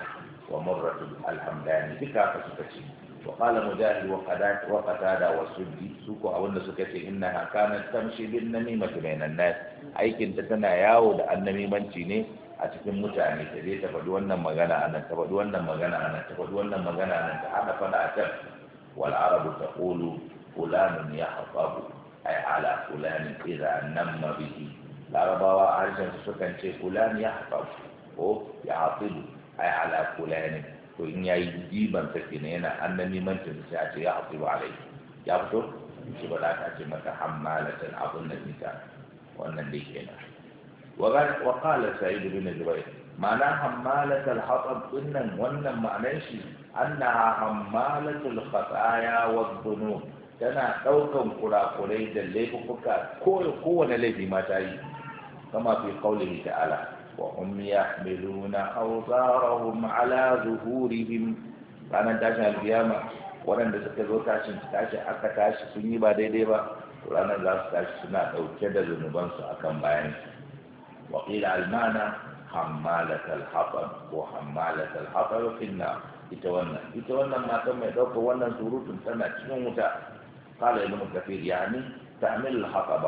ومرة الحمداني بكافة سكتي وقال مجاهد وقتادة وقتادة والسدي سوكو أولنا سكتي إنها كانت تمشي بالنميمة بين الناس أي كنت تنا ياود النميمة تيني a cikin mutane ta je ta faɗi wannan magana a nan ta wannan magana a nan ta faɗi wannan magana a nan ta haɗa faɗa a can ya ai ala fulanin idza namma bihi larabawa a harshen su sukan ce fulan ya haɓa ko ya a yi ala fulani ko in yayi diban ta ne yana na mancin sai a ce ya hafidu alai ya fito shi ba za ka ce mata hammalatul abun nan ita wannan dai kenan wa qala sa'id bin jubair ma'ana hammalatul hatab dinnan wannan ma'anar shi annaha hammalatul khataya wa dhunub tana daukan kurakurai da laifuka ko kowane laifi ma ta yi كما في قوله تعالى وهم يحملون أوزارهم على ظهورهم فأنا تاشا القيامة وأنا تسكتوا تاشا تاشا أكا تاشا سنيبا ديديبا وأنا لا تاشا سنة أو كده ذنوبانسو أكم بيان وقيل المعنى حمالة الحطب وحمالة الحطب في النار يتولى يتولى ما تم يدرك وانا سرور سنة شنو متى قال ابن كثير يعني تعمل الحطب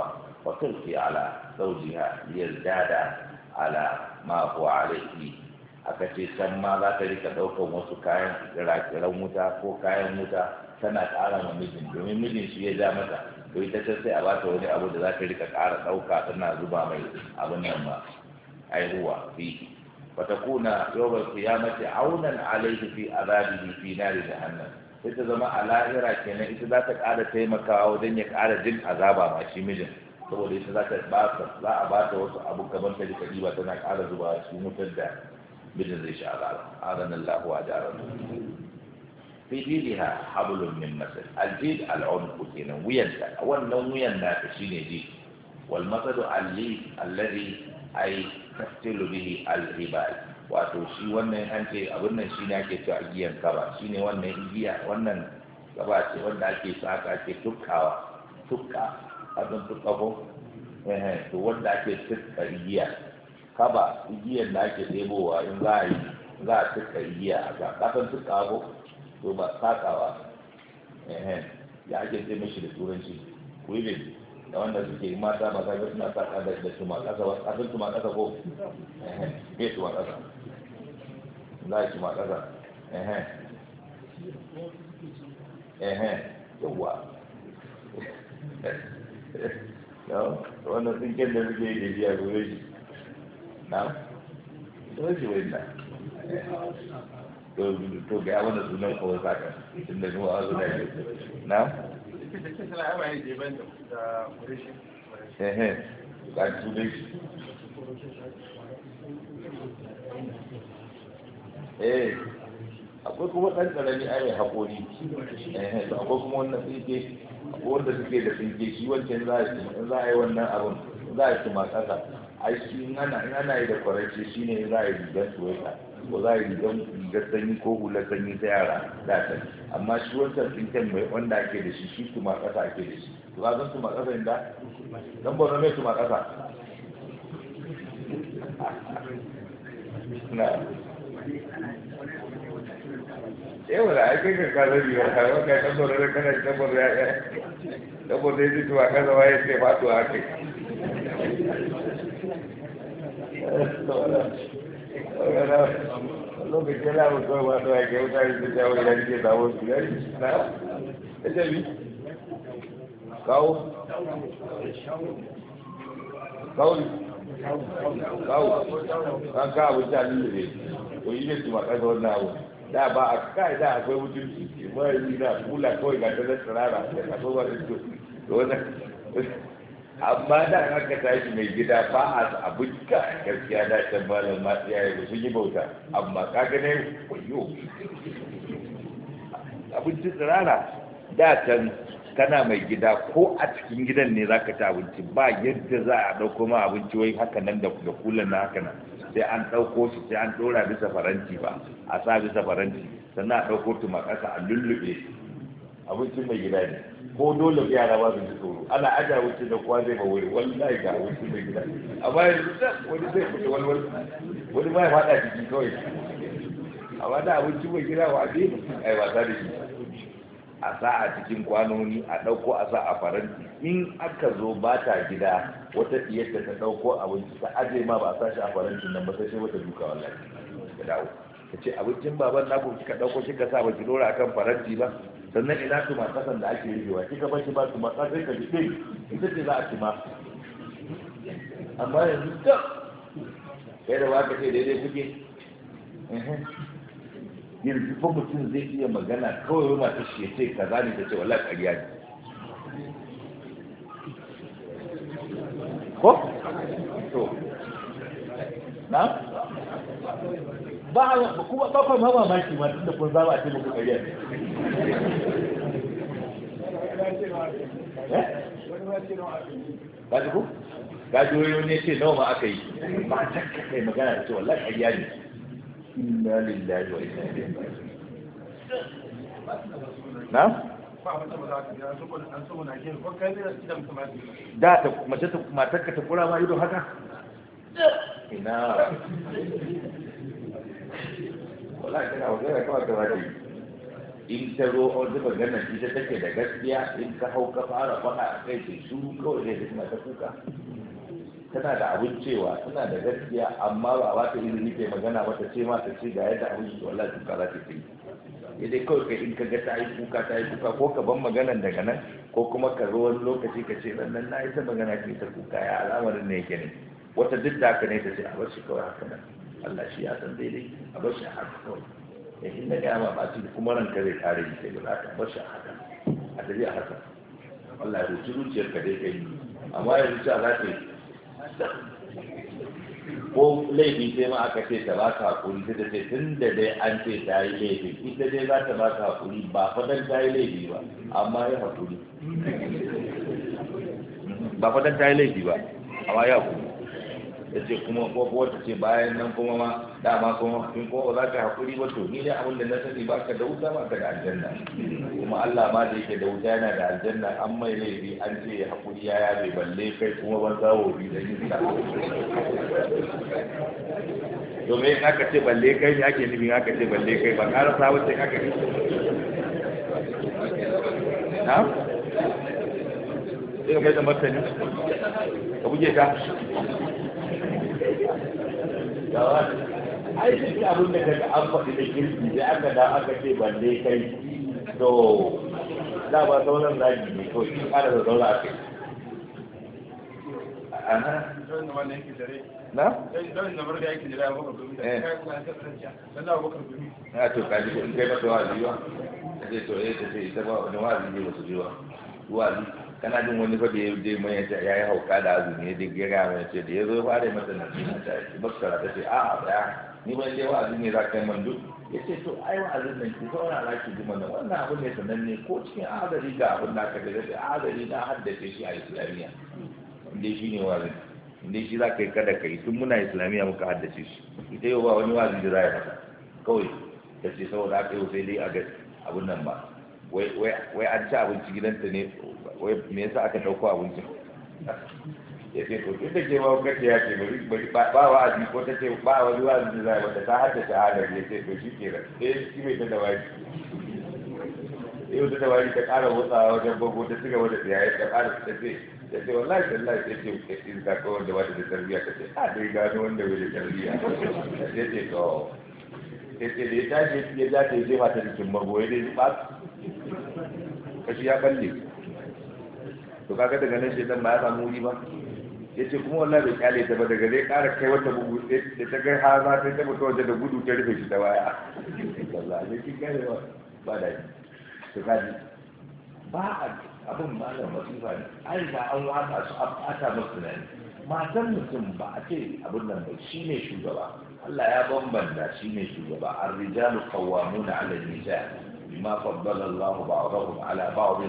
وتلقي على zawjiha da ala ma huwa alaihi aka ce san ma za ta rika ɗaukan wasu kayan kirakiran wuta ko kayan wuta tana ƙara ma mijin domin mijin shi ya ja mata to ita ce sai a bata wani abu da za ta rika kara ɗauka tana zuba mai abun nan ba aihuwa fi fatakuna yawmal qiyamati aunan alayhi fi azabihi fi nari jahannam sai ta zama a lahira kenan ita za ta ƙara taimakawa wajen ya kara jin azaba ma shi mijin saboda ita za a ba ta wasu abu gaban ta da ba tana ƙara zuba a cikin da bidin zai sha azaba adan Allah wa jaran fi jiliha hablum min masal aljid al'unq kenan wuyanta wannan wuyan na ta shine ji wal masadu alli alladhi ay taftilu bihi al-ibad wato shi wannan an abin nan shi ne ake cewa igiyan kaba shi ne wannan igiya wannan kaba ce wanda ake saka ake tukkawa tukka a tsuntsu tsako to wanda ake tuka igiya kaba igiyar da ake ɗebowa in za a yi za a tuka igiya a ga kafin tuka ko to ba sakawa eh, ya ake ce mishi da turanci weaving da wanda suke yi mata ba ta suna saka da da tuma kasa ba kafin tuma kasa ko bai eh, tuma kasa za a tuma kasa ehe eh, yawwa *laughs* wannan tsinken da suke yi da biya gobe shi na wai na to ga sunan kawai saka tun da kuma yi na ehe ga shi eh akwai kuma ɗan ƙarami a mai haƙori eh, akwai kuma wannan tsinke wanda suke da tsinke shi wancan za a za a yi wannan abin za a yi kuma ƙasa ai shi in ana yi da kwarance shi ne za a yi rigar suwaita ko za a yi rigar sanyi ko hular sanyi ta yara da ta amma shi wancan tsinken mai wanda ake da shi shi kuma ƙasa ake da shi to ka san tuma ƙasa inda dan bono mai tuma ƙasa *laughs* yau da ake ka kaza a da kana ya ya tuwa kaza wa ba tuwa lokacin da mu ba tuwa wuta jawo ya rike ya yi na ya ce bi kawo kawo kawo da ba a kai da akwai mutunci ke mai yi na kula kawai ga ta tsirara da ka so wani to da wannan amma da haka tashi mai gida ba a abin ka gaskiya da can malam ma tsiyaye ba sun yi bauta amma ka ga ne koyo abinci tsirara da can kana mai gida ko a cikin gidan ne za ka ta abinci ba yadda za a ɗauko ma abinci wai haka nan da kulan na haka nan sai an ɗauko shi sai an ɗora bisa faranti ba a sa bisa faranti sannan a ɗauko tuma ƙasa a lullube abincin mai gida ne ko dole ku yara ba su ji tsoro ana aja wuce da kowa zai bawai wallahi ga wuce mai gida a bayan wani zai fito walwal wani ba ya faɗa jiki kawai a wata abincin mai gida wa a ai wasa da shi a sa a cikin kwanoni a ɗauko a sa a faranti in aka zo ba ta gida wata ɗiyarta ta ɗauko abinci ta aje ma ba a sa shi a faranti nan ba sai sai wata duka wallahi ta dawo ta ce abincin baban na naku kika ɗauko kika sa ba ki dora akan faranti ba sannan ina ma kasan da ake rigewa kika ba shi ba ma kasan ka ji ɗin ita ce za a ci ma amma yanzu ta kai da ba ka ce daidai kuke yanzu fa mutum zai iya magana kawai wani ta shi ya ce kaza ne ta ce wala ƙarya ne ko to na ba kuma ba kuma ba ma da kun za a ce muku ƙarya ne ba eh? ku ga wani ne ce nawa ma aka yi ba a kai magana da cewa wallahi ƙarya ne inna lillahi wa inna ilaihi na da ta mace ta matarka ta kura ma ido haka ina Wala kana kawai ta wajen in ta zo a zuba ganin ita take da gaskiya in ka hau ka fara faɗa a kai ke su kawai zai suna ta kuka tana da abin cewa tana da gaskiya amma ba ba ta izini ke magana ba ta ce ma ta ce ga yadda abin yake wallahi kuka za ta ce ya dai kawai ka in ka ga ta yi kuka ta yi kuka ko ka ban maganan daga nan ko kuma ka zo wani lokaci ka ce nan na yi ta magana ke ta kuka ya al'amarin ne yake ne wata duk da haka ne ta ce a bar shi kawai haka nan Allah shi ya san daidai a bar shi haka kawai ya yi na gama ba su kuma ka zai kare ni sai ba za ka bar shi haka a tafiya a haka Allah ya ruci zuciyarka dai kai amma yanzu ruci a za ta yi ko laifin sai ma aka ce ta baka hakuri sai ta ce tun da dai an ce ta yi laifi ita dai za ta baka hakuri ba fadan ta yi laifi ba amma ya hakuri ba fadan ta yi laifi ba amma ya hakuri da ce kuma ko wata ce bayan nan kuma ma dama kuma in ko za ka hakuri ba to ni ne abin da na sani ba ka da wuta ba ka da aljanna kuma Allah ma da yake da wuta yana da aljanna an mai laifi an ce hakuri ya yabe balle kai kuma ban zawo bi da yin sa domin aka ce balle kai ne ke nufin aka ce balle kai ba sa wuce aka ce na? sai ka da martani ka buge ta ai duk abin da kaga an faɗi da kirki da aka da aka ce ban dai kai to da ba sauran zagi ne to shi da zaura kai na? na eh. to kaji ko in kai masa wa'azi ba zai to ya eh, ce ita ba wani wa'azi su wa'azi kana jin wani fa da ya je mai yace ya yi hauka da azumi da gira mai yace da ya zo da mata na cikin ta yi bakkara ta ce a a da ni ban je wa'azi ne za ka yi man ya ce to ai wa'azin nan ki zauna na ki ji mana wannan abu ne sanan ne ko cikin azari ga abin da ka da sai azari na haddace shi a islamiyya inda shi ne wa'azin inda shi za ka yi kada ka yi tun muna islamiyya muka haddace shi ita yau ba wani wa'azi da za a yi kawai ta ce saboda haka yau sai dai a ga abin nan ba wai an ci abinci gidanta ne wai me yasa aka ɗauko abinci? ya ce to tun da ke ba ce ya ce bari bari ba wa aji ko ta ce ba wa zuwa aji zai wata ta hada hada ya ce to shi ke da eh shi mai ta dawari eh wata ta ƙara motsawa wajen bango ta ci gaba da ta ƙara ta ce ta ce wallahi wallahi ta ce ta ce ka ko wanda ba da tarbiyya ta ce a dai gano wanda bai da tarbiyya ta ce to ta ce da ya tashi ya ja ta jefa ta cikin bango ya dai ba kashi ya balle to kaga daga nan dan ba ya samu wuri ba ya ce kuma wallahi bai kyale ta ba daga dai kara kai wata bugu da ta har haza ta ta mutu wajen da gudu ta rufe shi ta waya Allah ne ki kare wa ba da to kaji ba a abin malam masifa ne ai ba an wata su a ta musu ne matan mutum ba a ce abin nan bai shine shugaba Allah ya bambanta shi ne shugaba ar-rijalu qawwamuna 'ala an-nisa' بما فضل الله بعضهم على بعض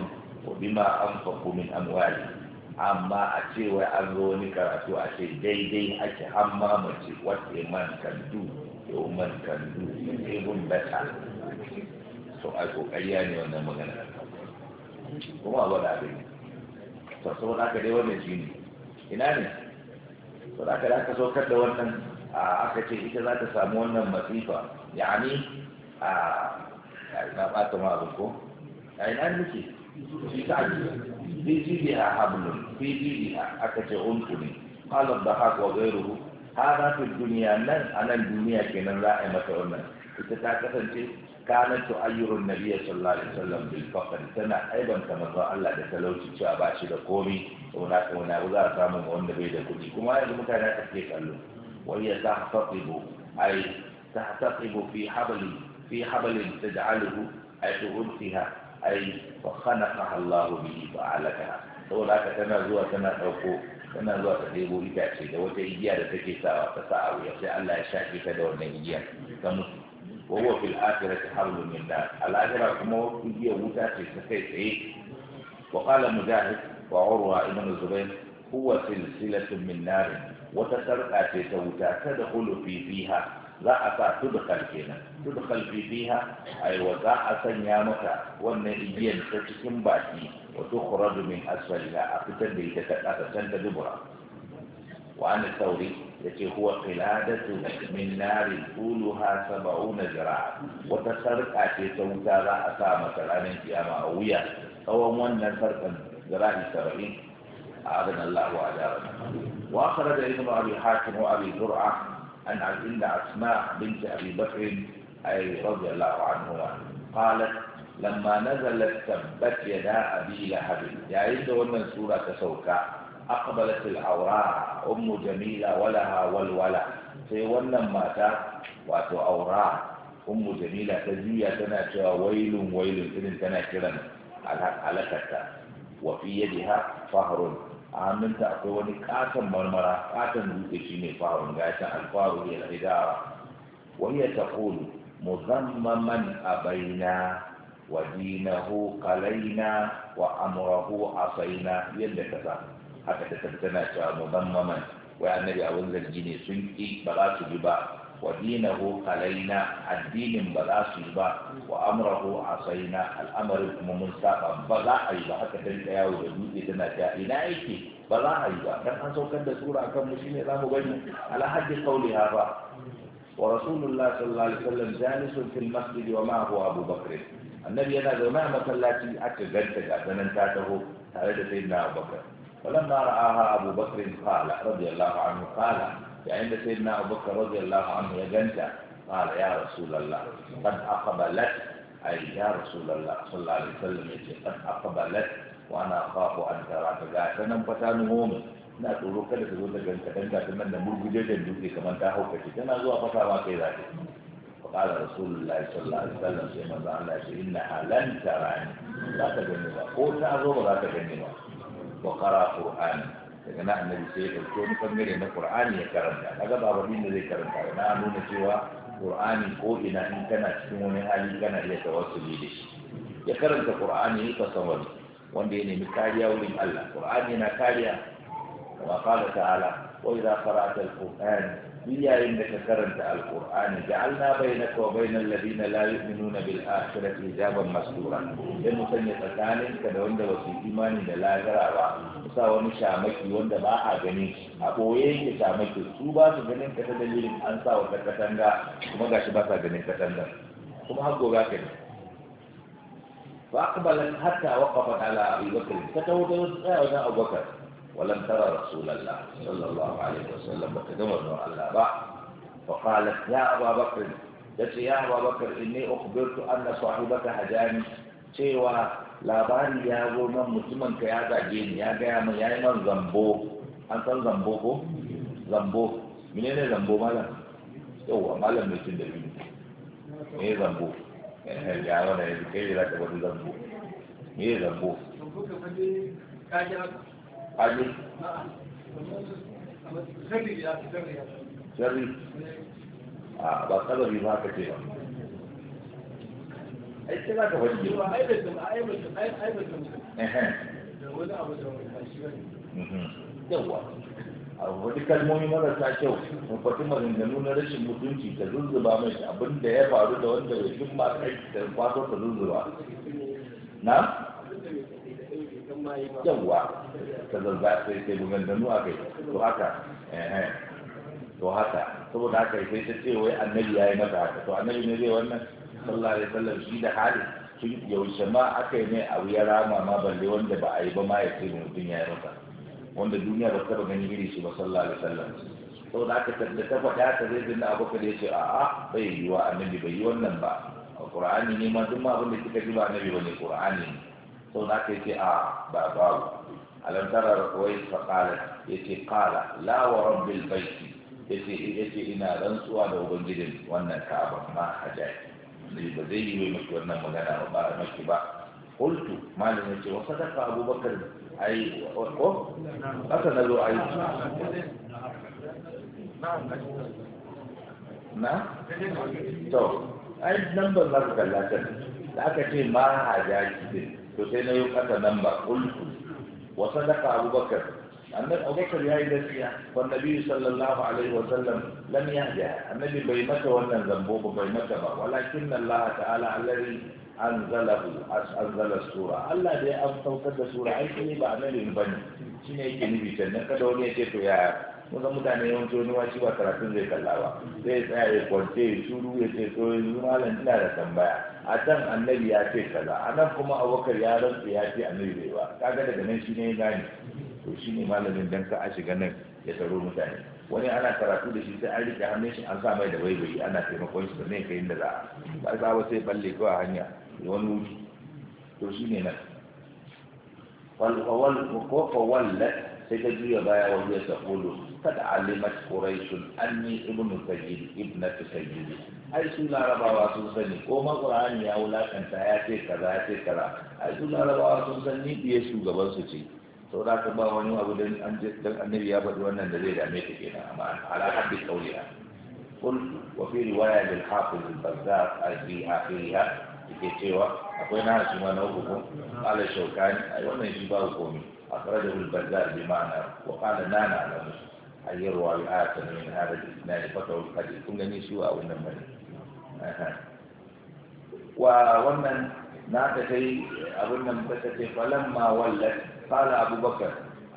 وبما أنفقوا من أموالهم amma a ce wai an wani karatu a ce daidai ake amma mace what a man can do a woman can do even better so a kokariya ne magana kuma a gwada abin to aka dai wannan shi ne ina ne saboda aka da aka saukar da wannan aka ce ita za ta samu wannan masifa yani a uh, na ɓata ma abin ko a ina muke shi ta ake fi jibiha hablun fi a aka ce unkuni. ne da haka wa gairuhu hada fi duniya nan a nan duniya kenan za a yi mata wannan ita ta kasance kana to ayyurun nabiyyi sallallahu alaihi wasallam bil faqr tana aiban ta manzo Allah da talauci cewa ba shi da komi sauna sauna ba za a samu wanda bai da kuɗi kuma yanzu mutane ta ke kallo wai ya tahtaqibu ai tahtaqibu fi habli في حبل تجعله أي تغلقها أي وخنقها الله به فعلكها saboda haka tana zuwa tana ɗauko tana zuwa ta ɗebo itace da wata igiya da take sawa ta sa a wuya sai Allah ya shafe ta da wannan igiyar ta mutu wa huwa fil akhirati hablum min nar al akhirah kuma igiyar wuta ce ta kai tsaye wa qala mujahid wa urwa ibn zubair huwa silsilatun min nar wata sarƙa ce ta wuta ta da fi fiha لا أتا تدخل فينا تدخل في فيها أي وزاعة نيامة ونئيين تتكم باتي وتخرج من أسفلها أفتر بيتة تتأتى دبرا وعن الثوري التي هو قلادة من نار طولها سبعون جراء وتسرق أتي سوتا لا أتا مثلا من قيامة أوية أو من نسرق جراء السبعين أعلن الله وأجارنا وأخرج ابن أبي حاكم وأبي زرعة أن عند أسماء بنت أبي بكر أي رضي الله عنهما قالت لما نزلت تبت يدا أبي لهب يعني أن سورة سوكا أقبلت العوراء أم جميلة ولها والولا في ونن ماتا واتو أوراع أم جميلة تزوية تنا ويل ويل إذن تنا على على حلقتها وفي يدها فهر a hannunta akwai wani katon marmara katon dutse shi ne farun gashin alfaru ya ridawa wahiyar ta kulu muzammaman a baina wa dinahu kalaina wa amurahu asaina yadda ka sa haka ta tattana cewa muzammaman wai annabi abin zargi ne sun ƙi ba za su bi ba ودينه علينا الدين بلا با وأمره عصينا الأمر المؤمن بلا أيضا حتى تلك يا ودود إذن جاء إلائك بلا أيضا كان انسوا كان سورة كم مشين لا مبين على حد قولي هذا ورسول الله صلى الله عليه وسلم جالس في المسجد وما هو أبو بكر النبي أنا زمان مسلاتي أكذبت جاء انتاته تعالى سيدنا أبو بكر فلما رآها أبو بكر قال رضي الله عنه قال يعني عند سيدنا أبو بكر رضي الله عنه يجنت قال يا رسول الله قد أقبلت أي يا رسول الله صلى الله عليه وسلم قد أقبلت وأنا أخاف أن ترى فقاتنا فتنهم na tsoro kada ta zo daga kaɗan kafin nan da murgujejen dutse kamar ta hauka ce tana zuwa fasawa kai فقال رسول الله صلى الله عليه وسلم سيما ذا الله إنها لن تراني لا تجنبها قول أزور لا تجنبها وقرأ قرآن daga na annabi sai ya ɗauki wani ɓangare na qur'ani ya karanta kaga ba abin da zai karanta na nuna cewa qur'ani ko ina in kana cikin wani hali kana iya tawassuli da shi ya karanta qur'ani ya kasan wani wanda ya nemi kariya wurin Allah qur'ani na kariya kama qala ta'ala wa idza qara'ta al-qur'ana yayin da ka karanta da na ja'alna bainaka wa bainal ladina la nuna bil akhirati hijaban mastura sai mu sanya tsakanin ka da wanda wasu su imani da lahira ba sa wani shamaki wanda ba a gani a boye yake shamaki su ba su ganin ka ta dalilin an sa wata katanga kuma gashi ba sa ganin katanga kuma har gobe ka ne fa aqbalan hatta waqafa ala abi bakr ta tawo da tsaya wajen abubakar ولم ترى رسول الله صلى الله عليه وسلم وكذبه على بعض فقالت يا أبا بكر قالت يا أبا بكر إني أخبرت أن صاحبك هجاني سوى لاباني يا غوما مسلمًا كي هذا جين يا قيام يا إمام زنبو أنت زنبو كو زنبو يعني من أين زنبو مالا هو مالا مسلم دبين إيه زنبو يا غوما كي لا تقول زنبو إيه زنبو aji sharri a ba kadari ba ka ce ba ai sai za ka faɗi ba mhm. yawa a wani kalmomi marasa kyau mu faɗi maganganu na rashin mutunci ka zuzzuba mai abin da ya faru da wanda ya jin ba kai da kwato ka zuzzuba na yawa ta zazzaɓe sai bugan da a kai to haka eh, eh. to haka saboda haka sai ta ce wai annabi ya yi maka haka to annabi ne zai wannan sallallahu alaihi wasallam shi da hali tun yaushe ma aka yi ne abu ya rama ma balle wanda ba a yi ba ma ya ce mutum ya yi mata wanda duniya ba ta gani iri shi ba sallallahu alaihi wasallam saboda haka da ta faɗa ta zai dinga abu da ya ce a'a bai yi wa annabi bai yi wannan ba qur'ani ne ma duk ma abin da kika ji ba annabi bane qur'ani ne saboda haka kai ce a ba babu alam tara ruwai fa kala, yace qala la wa rabbil bait yace yace ina rantsuwa da ubangijin wannan ka'aba ma hajjai ne ba zai yi miki wannan magana ba ba miki ba qultu malamin yace wa sadaqa abubakar ai ko haka na zo ai na to ai number za ka kalla ta da aka ce ma hajjai din to sai na yi kasa number qultu وصدق أبو بكر أن أبو بكر يهدى فيها والنبي صلى الله عليه وسلم لم يهدها النبي بيمته ولا ذنبوه بيمته ولكن الله تعالى الذي أنزله أنزل السورة الله دي أبو سورة أي كلمة عن البني شنو يجي نبي تنكدوني يجي kusan mutane yawanci wani washi ba karatun zai kalla ba zai tsaya ya kwance ya shuru ya ce to yanzu malam ina da tambaya a can annabi ya ce kaza a nan kuma abubakar ya rantsa ya ce annabi bai ba kaga daga nan shi ne ya gane to shi ne malamin dan ka a shiga nan ya taro mutane wani ana karatu da shi sai an rike hannun shi an sa mai da baibayi ana taimakon shi da ne kai da za a ba za sai balle kawai hanya wani wuri to shi ne nan ko fawallat sai ta juya baya wajen ta kolo قد علمت قريش اني ابن سيد ابنة سيد اي سن ربا واسوسني كما قران يا ولا كان تأتي كذا أتي كذا اي سن ربا واسن بيسو قبل سوتي saura ka ba wani abu dan an dan wannan da zai dame ta kenan amma ala haddi qawliha qul wa fi riwaya lil hafiz al bazzar fi akhiriha yake cewa akwai na shi ma na uku ala shaukani ai wannan shi ba komai akhrajahu al bazzar bi ma'ana wa qala nana a musu أن يروى من هذا الإسناد قطع الحديث كل نسوة أو النمل ومن مات شيء أبو النمل فلما ولت قال أبو بكر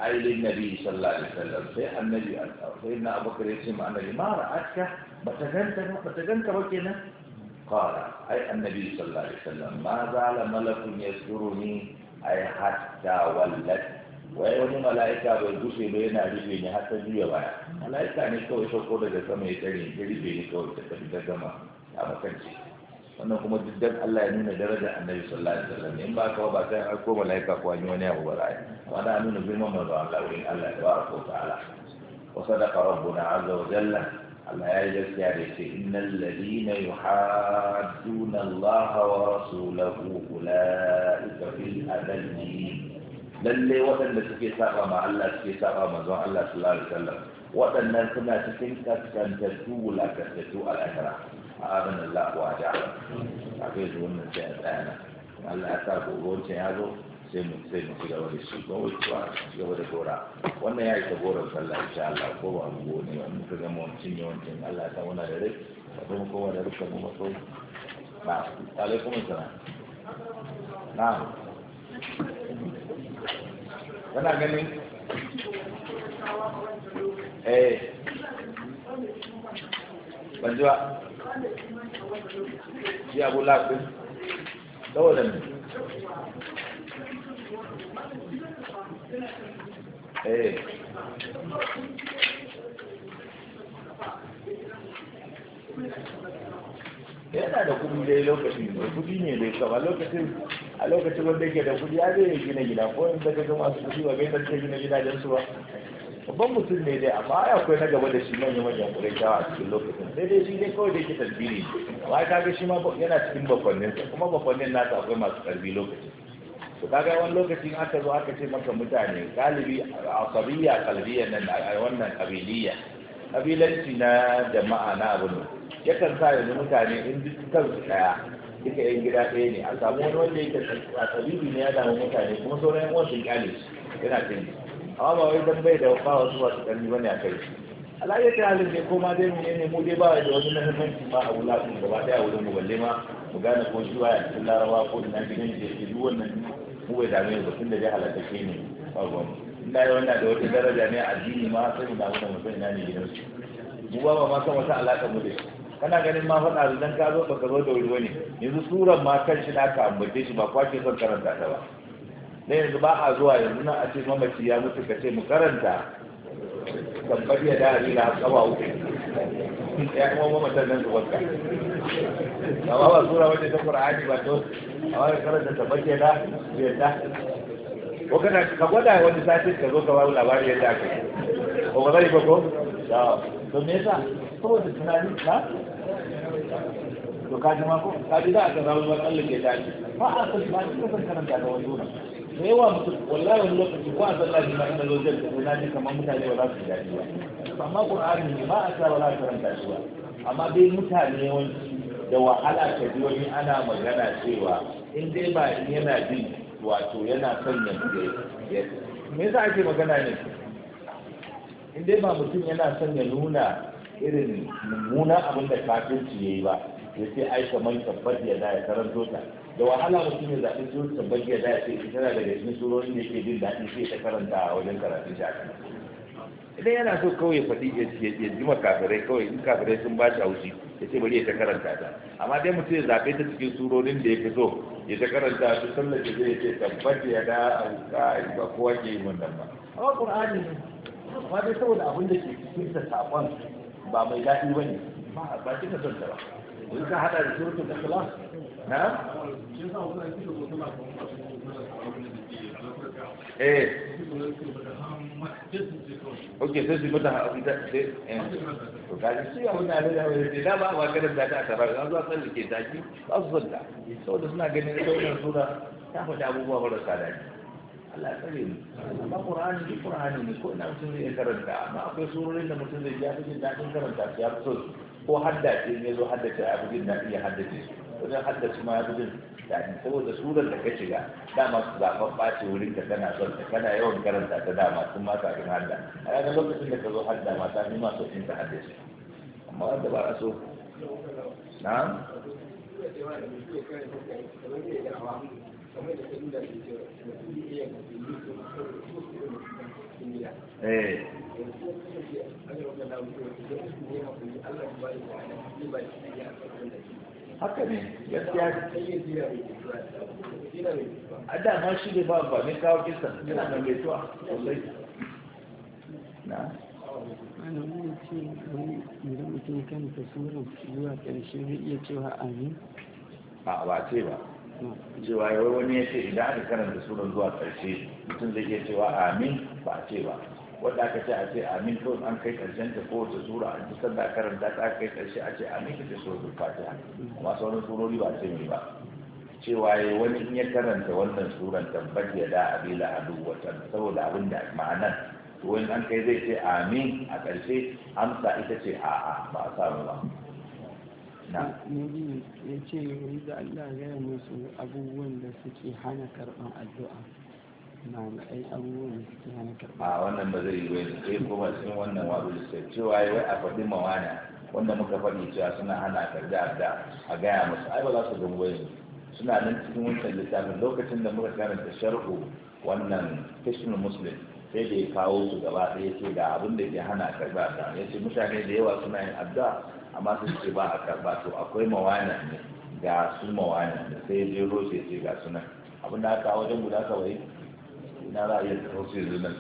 أي للنبي صلى الله عليه وسلم سيدنا النبي سيدنا أبو بكر يسمع النبي ما رأتك بتجنت بتجنت وكنا قال أي النبي صلى الله عليه وسلم ما زال ملك يذكرني أي حتى ولت wai wani mala'ika bai gushe ba yana rufe ni har ta juya baya mala'ika ne kawai sauko daga sama ya tsare ya rufe ni kawai ta tafi ta gama ta makance wannan kuma duk dan Allah ya nuna darajar annabi sallallahu alaihi wasallam in ba ka ba sai an ko mala'ika ko an yi wani abu ba ra'ayi amma da nuna girman manzo Allah wurin Allah tabaraka ko ta'ala wa sadaqa rabbuna azza wa jalla Allah ya yi gaskiya da ce innal ladina yuhadduna Allah wa rasulahu ulaika fil adallin lalle waɗanda suke saba ma Allah suke saba ma zuwa Allah sallallahu alaihi wasallam waɗannan suna cikin kaskantattu wulakantattu a lahira a abin Allah wa da a kai zuwa wannan sai a tsaya Allah ya sa gobe wancan ya zo sai mu sai mu ci gaba da shi ba wai cewa ci gaba da gora wannan ya isa gora sallah insha Allah ko ba mu gode ba mu ga cin cinye wancan Allah ta wuna da rai ka kuma kowa da rukun mu maso ba alaikum assalam na'am kana ganin eh ban ji ba shi abu lafi saboda ne eh Thank you. yana da kudi dai lokacin da kudi ne dai kama lokacin a lokacin wanda yake da kudi ya zai gina gida ko in daga kaga su kudi wa bai tarke gina gidajen su ba babban mutum ne dai amma ya akwai na gaba da shi manyan manyan kudin shawa a cikin lokacin sai dai shi ne kawai da yake tasbiri amma ka ga shi ma yana cikin bakwannin sa kuma bakwannin nasa akwai masu karbi lokacin to kaga wani lokacin aka zo aka ce maka mutane galibi a kalbiya nan a wannan kabiliya kabilanci na jama'a na abu ne Ya kan sa yanzu mutane in duk kansu ɗaya duka yan gida ɗaya ne a samu wani wanda yake a tabibi ne ya damu mutane kuma sauran yan uwan sun kyale yana cin amma ba wai zan bai da ba wasu masu ba ne a kai alayyar ta halin ne ko ma dai mu ne mu dai ba da wani mahimmanci ma a sun gaba ɗaya wurin mu balle ma mu gane ko shi wa cikin larawa ko ina gidan da yake duk wannan mu bai dame ba tun da dai ke ne ba gwamnati in da yawan da wata daraja ne a addini ma sai mu damu da mutum ina ne gidansu mu ba ma san wata alaƙa mu da shi kana ganin ma faɗa dan ka zo ka zo da wuri wani yanzu surar ma kan shi da aka ambace shi ba ke son karanta ta ba na yanzu ba a zuwa yanzu nan a ce mamaci ya mutu ka ce mu karanta tabbar ya da harila kaba uku ya kuma mamatan nan su wanka amma ba sura wajen ta qur'ani ba to amma ka karanta tabbar ya da ya da ko kana ka gwada wani sati ka zo ka ba labari yadda ka yi ko ba zai ba ko to me yasa saboda tunani ka to kaji ma ko kaji da aka zawo zuwa tsallake daji ba a san ba ni kasan karanta ga wani wannan da yawa mutum wallahi wani lokaci ko a zalla ji ma ina zo da tafi na ji kamar mutane ba za su daji ba amma qur'ani ne ba a sa ba za a karanta shi ba amma dai mutane yawanci da wahala ta ji wani ana magana cewa in dai ba yana jin wato yana son ya me yasa ake magana ne in dai ba mutum yana son ya nuna irin mummunan abin da kafirci ya yi ba ya ce aisha kamar tabbat ya da ya karanto ta da wahala mutum ya zaɓi surar tabbat ya da ya ce ita na daga cikin surorin da yake jin daɗi sai ta karanta a wajen karatun shafi idan yana so kawai ya faɗi ya ji makafirai kawai in kafirai sun ba shi haushi ya ce bari ya ta karanta ta amma dai mutum ya zaɓe ta cikin surorin da ya fi so ya ta karanta su sallar da zai ce tabbat ya da alƙa ba kowa ke yi wannan ba amma ƙur'ani ba dai saboda abin da ke cikin ta saƙon ba mai daɗi ba ne ba a ba kika zanta ta ba in ka hada da da ikhlas na eh ok sai su mata to su yawon da ba ganin da ta tara da ke taki ba su da saboda suna ganin sura ta faɗi abubuwa marasa daji Allah ya tsare mu amma ne ko ina mutum zai karanta amma akwai surorin da mutum zai ji ya fi jin daɗin karanta ya fi so su ko haddace ne zo haddace abu jin daɗi ya haddace su wajen haddace ma abu jin daɗi saboda surar da ka shiga dama su zaɓar ɓace wurin ka tana son ta kana yawan karanta ta dama sun ma kan hadda a ranar lokacin da ka zo hadda ma ta nima sosin ta haddace amma wanda ba a so na Eh. haka ne gaskiya a dama shi ne ba ba ne kawo kisan yana da mai tuwa sosai na ana wani ce wani idan mutum kan tasirin zuwa ƙarshe zai iya cewa amin a ba ce ba cewa yawai wani ya ce idan aka karanta sunan zuwa ƙarshe mutum zai iya cewa amin ba ce ba wanda aka ce a ce amin kawai an kai karshen ta kowace sura an cikin da karanta ta kai karshe a ce amin ta so da fatiha amma sauran surori ba ce mai ba cewa ya wani in ya karanta wannan suran tabbat ya da abila adu wata saboda abin da ma'anar to wani an kai zai ce amin a karshe amsa ita ce a'a ba a samu ba na ya ce yanzu Allah ya musu abubuwan da suke hana karɓar addu'a a wannan ba zai yi ne sai kuma cikin wannan wazo sai cewa wai a faɗi mawana wanda muka faɗi cewa suna hana karda da a gaya musu ai ba za su gamu wai suna nan cikin wancan littafin lokacin da muka karanta sharhu wannan kishin muslim sai da ya kawo su gaba ɗaya ce ga abin da ke hana karɓa ta ya ce mutane da yawa suna yin addu'a amma su ce ba a karɓa to akwai mawana ne ga su mawana da sai ya je ce ga sunan abin da aka wajen guda kawai ina za a iya yanzu nan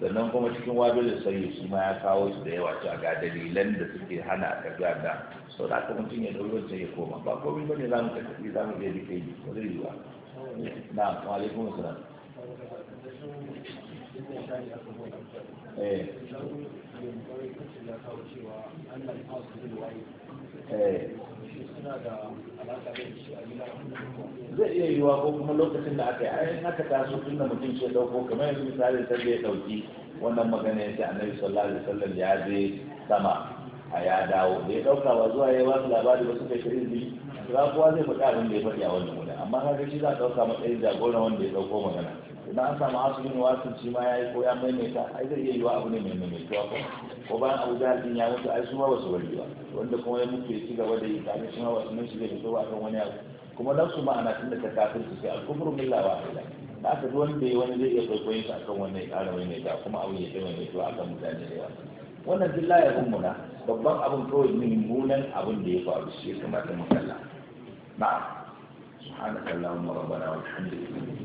sannan kuma cikin wado da sauyi su ma ya kawo su da yawa cewa ga dalilan da suke hana a tafi da sau da aka mutum ya ɗauri sai ya koma ba komai ba ne za mu tafi za mu iya rike yi ba zai yi ba na alaikum salam eh eh zai iya yiwuwa ko kuma lokacin da aka yi a aka taso tun da mutum ce dauko kamar yanzu misali sai da ya dauki wannan magana ya ce annabi sallallahu alaihi wasallam ya je sama a ya dawo da ya dauka ba zuwa ya ba su labari ba suka shirin bi ba kowa zai faɗa abin da ya faɗi a wannan wurin amma kaga shi za a dauka matsayin jagoran wanda ya dauko magana idan an samu asirin wasu shi ma ya yi ko ya maimaita ai zai iya yiwa abu ne mai maimaita ko ko ba abu da alfin ya mutu ai su ma wasu wani ba wanda kuma ya mutu ya ci gaba da yi tare shi ma ba su nan shi zai fito ba kan wani abu kuma nan su ma'ana tun da ta kafin su sai alkufru milla ba ila da aka duk da ya wani zai iya kwaikwayon shi akan wannan ya ƙara maimaita kuma abu ya ta a akan mutane da yawa wannan duk la ya muna babban abin kawai mummunan abin da ya faru shi ya kamata mu kalla na'am subhanakallahumma rabbana walhamdulillah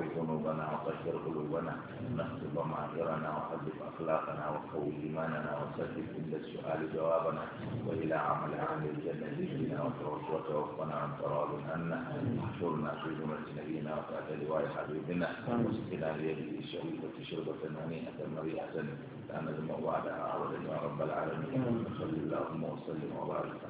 واغفر ذنوبنا وطهر قلوبنا نخطب معذرنا وحذف اخلاقنا وقوي ايماننا وسدد كل السؤال جوابنا والى عمل عمل الجنه بنا وترد وتوفنا عن تراض عنا احشرنا في جمله نبينا وتحت لواء حبيبنا واسقنا بيده الشريفه شربه هنيئه مريئه لا نجمع بعدها ابدا يا رب العالمين صل اللهم وسلم وبارك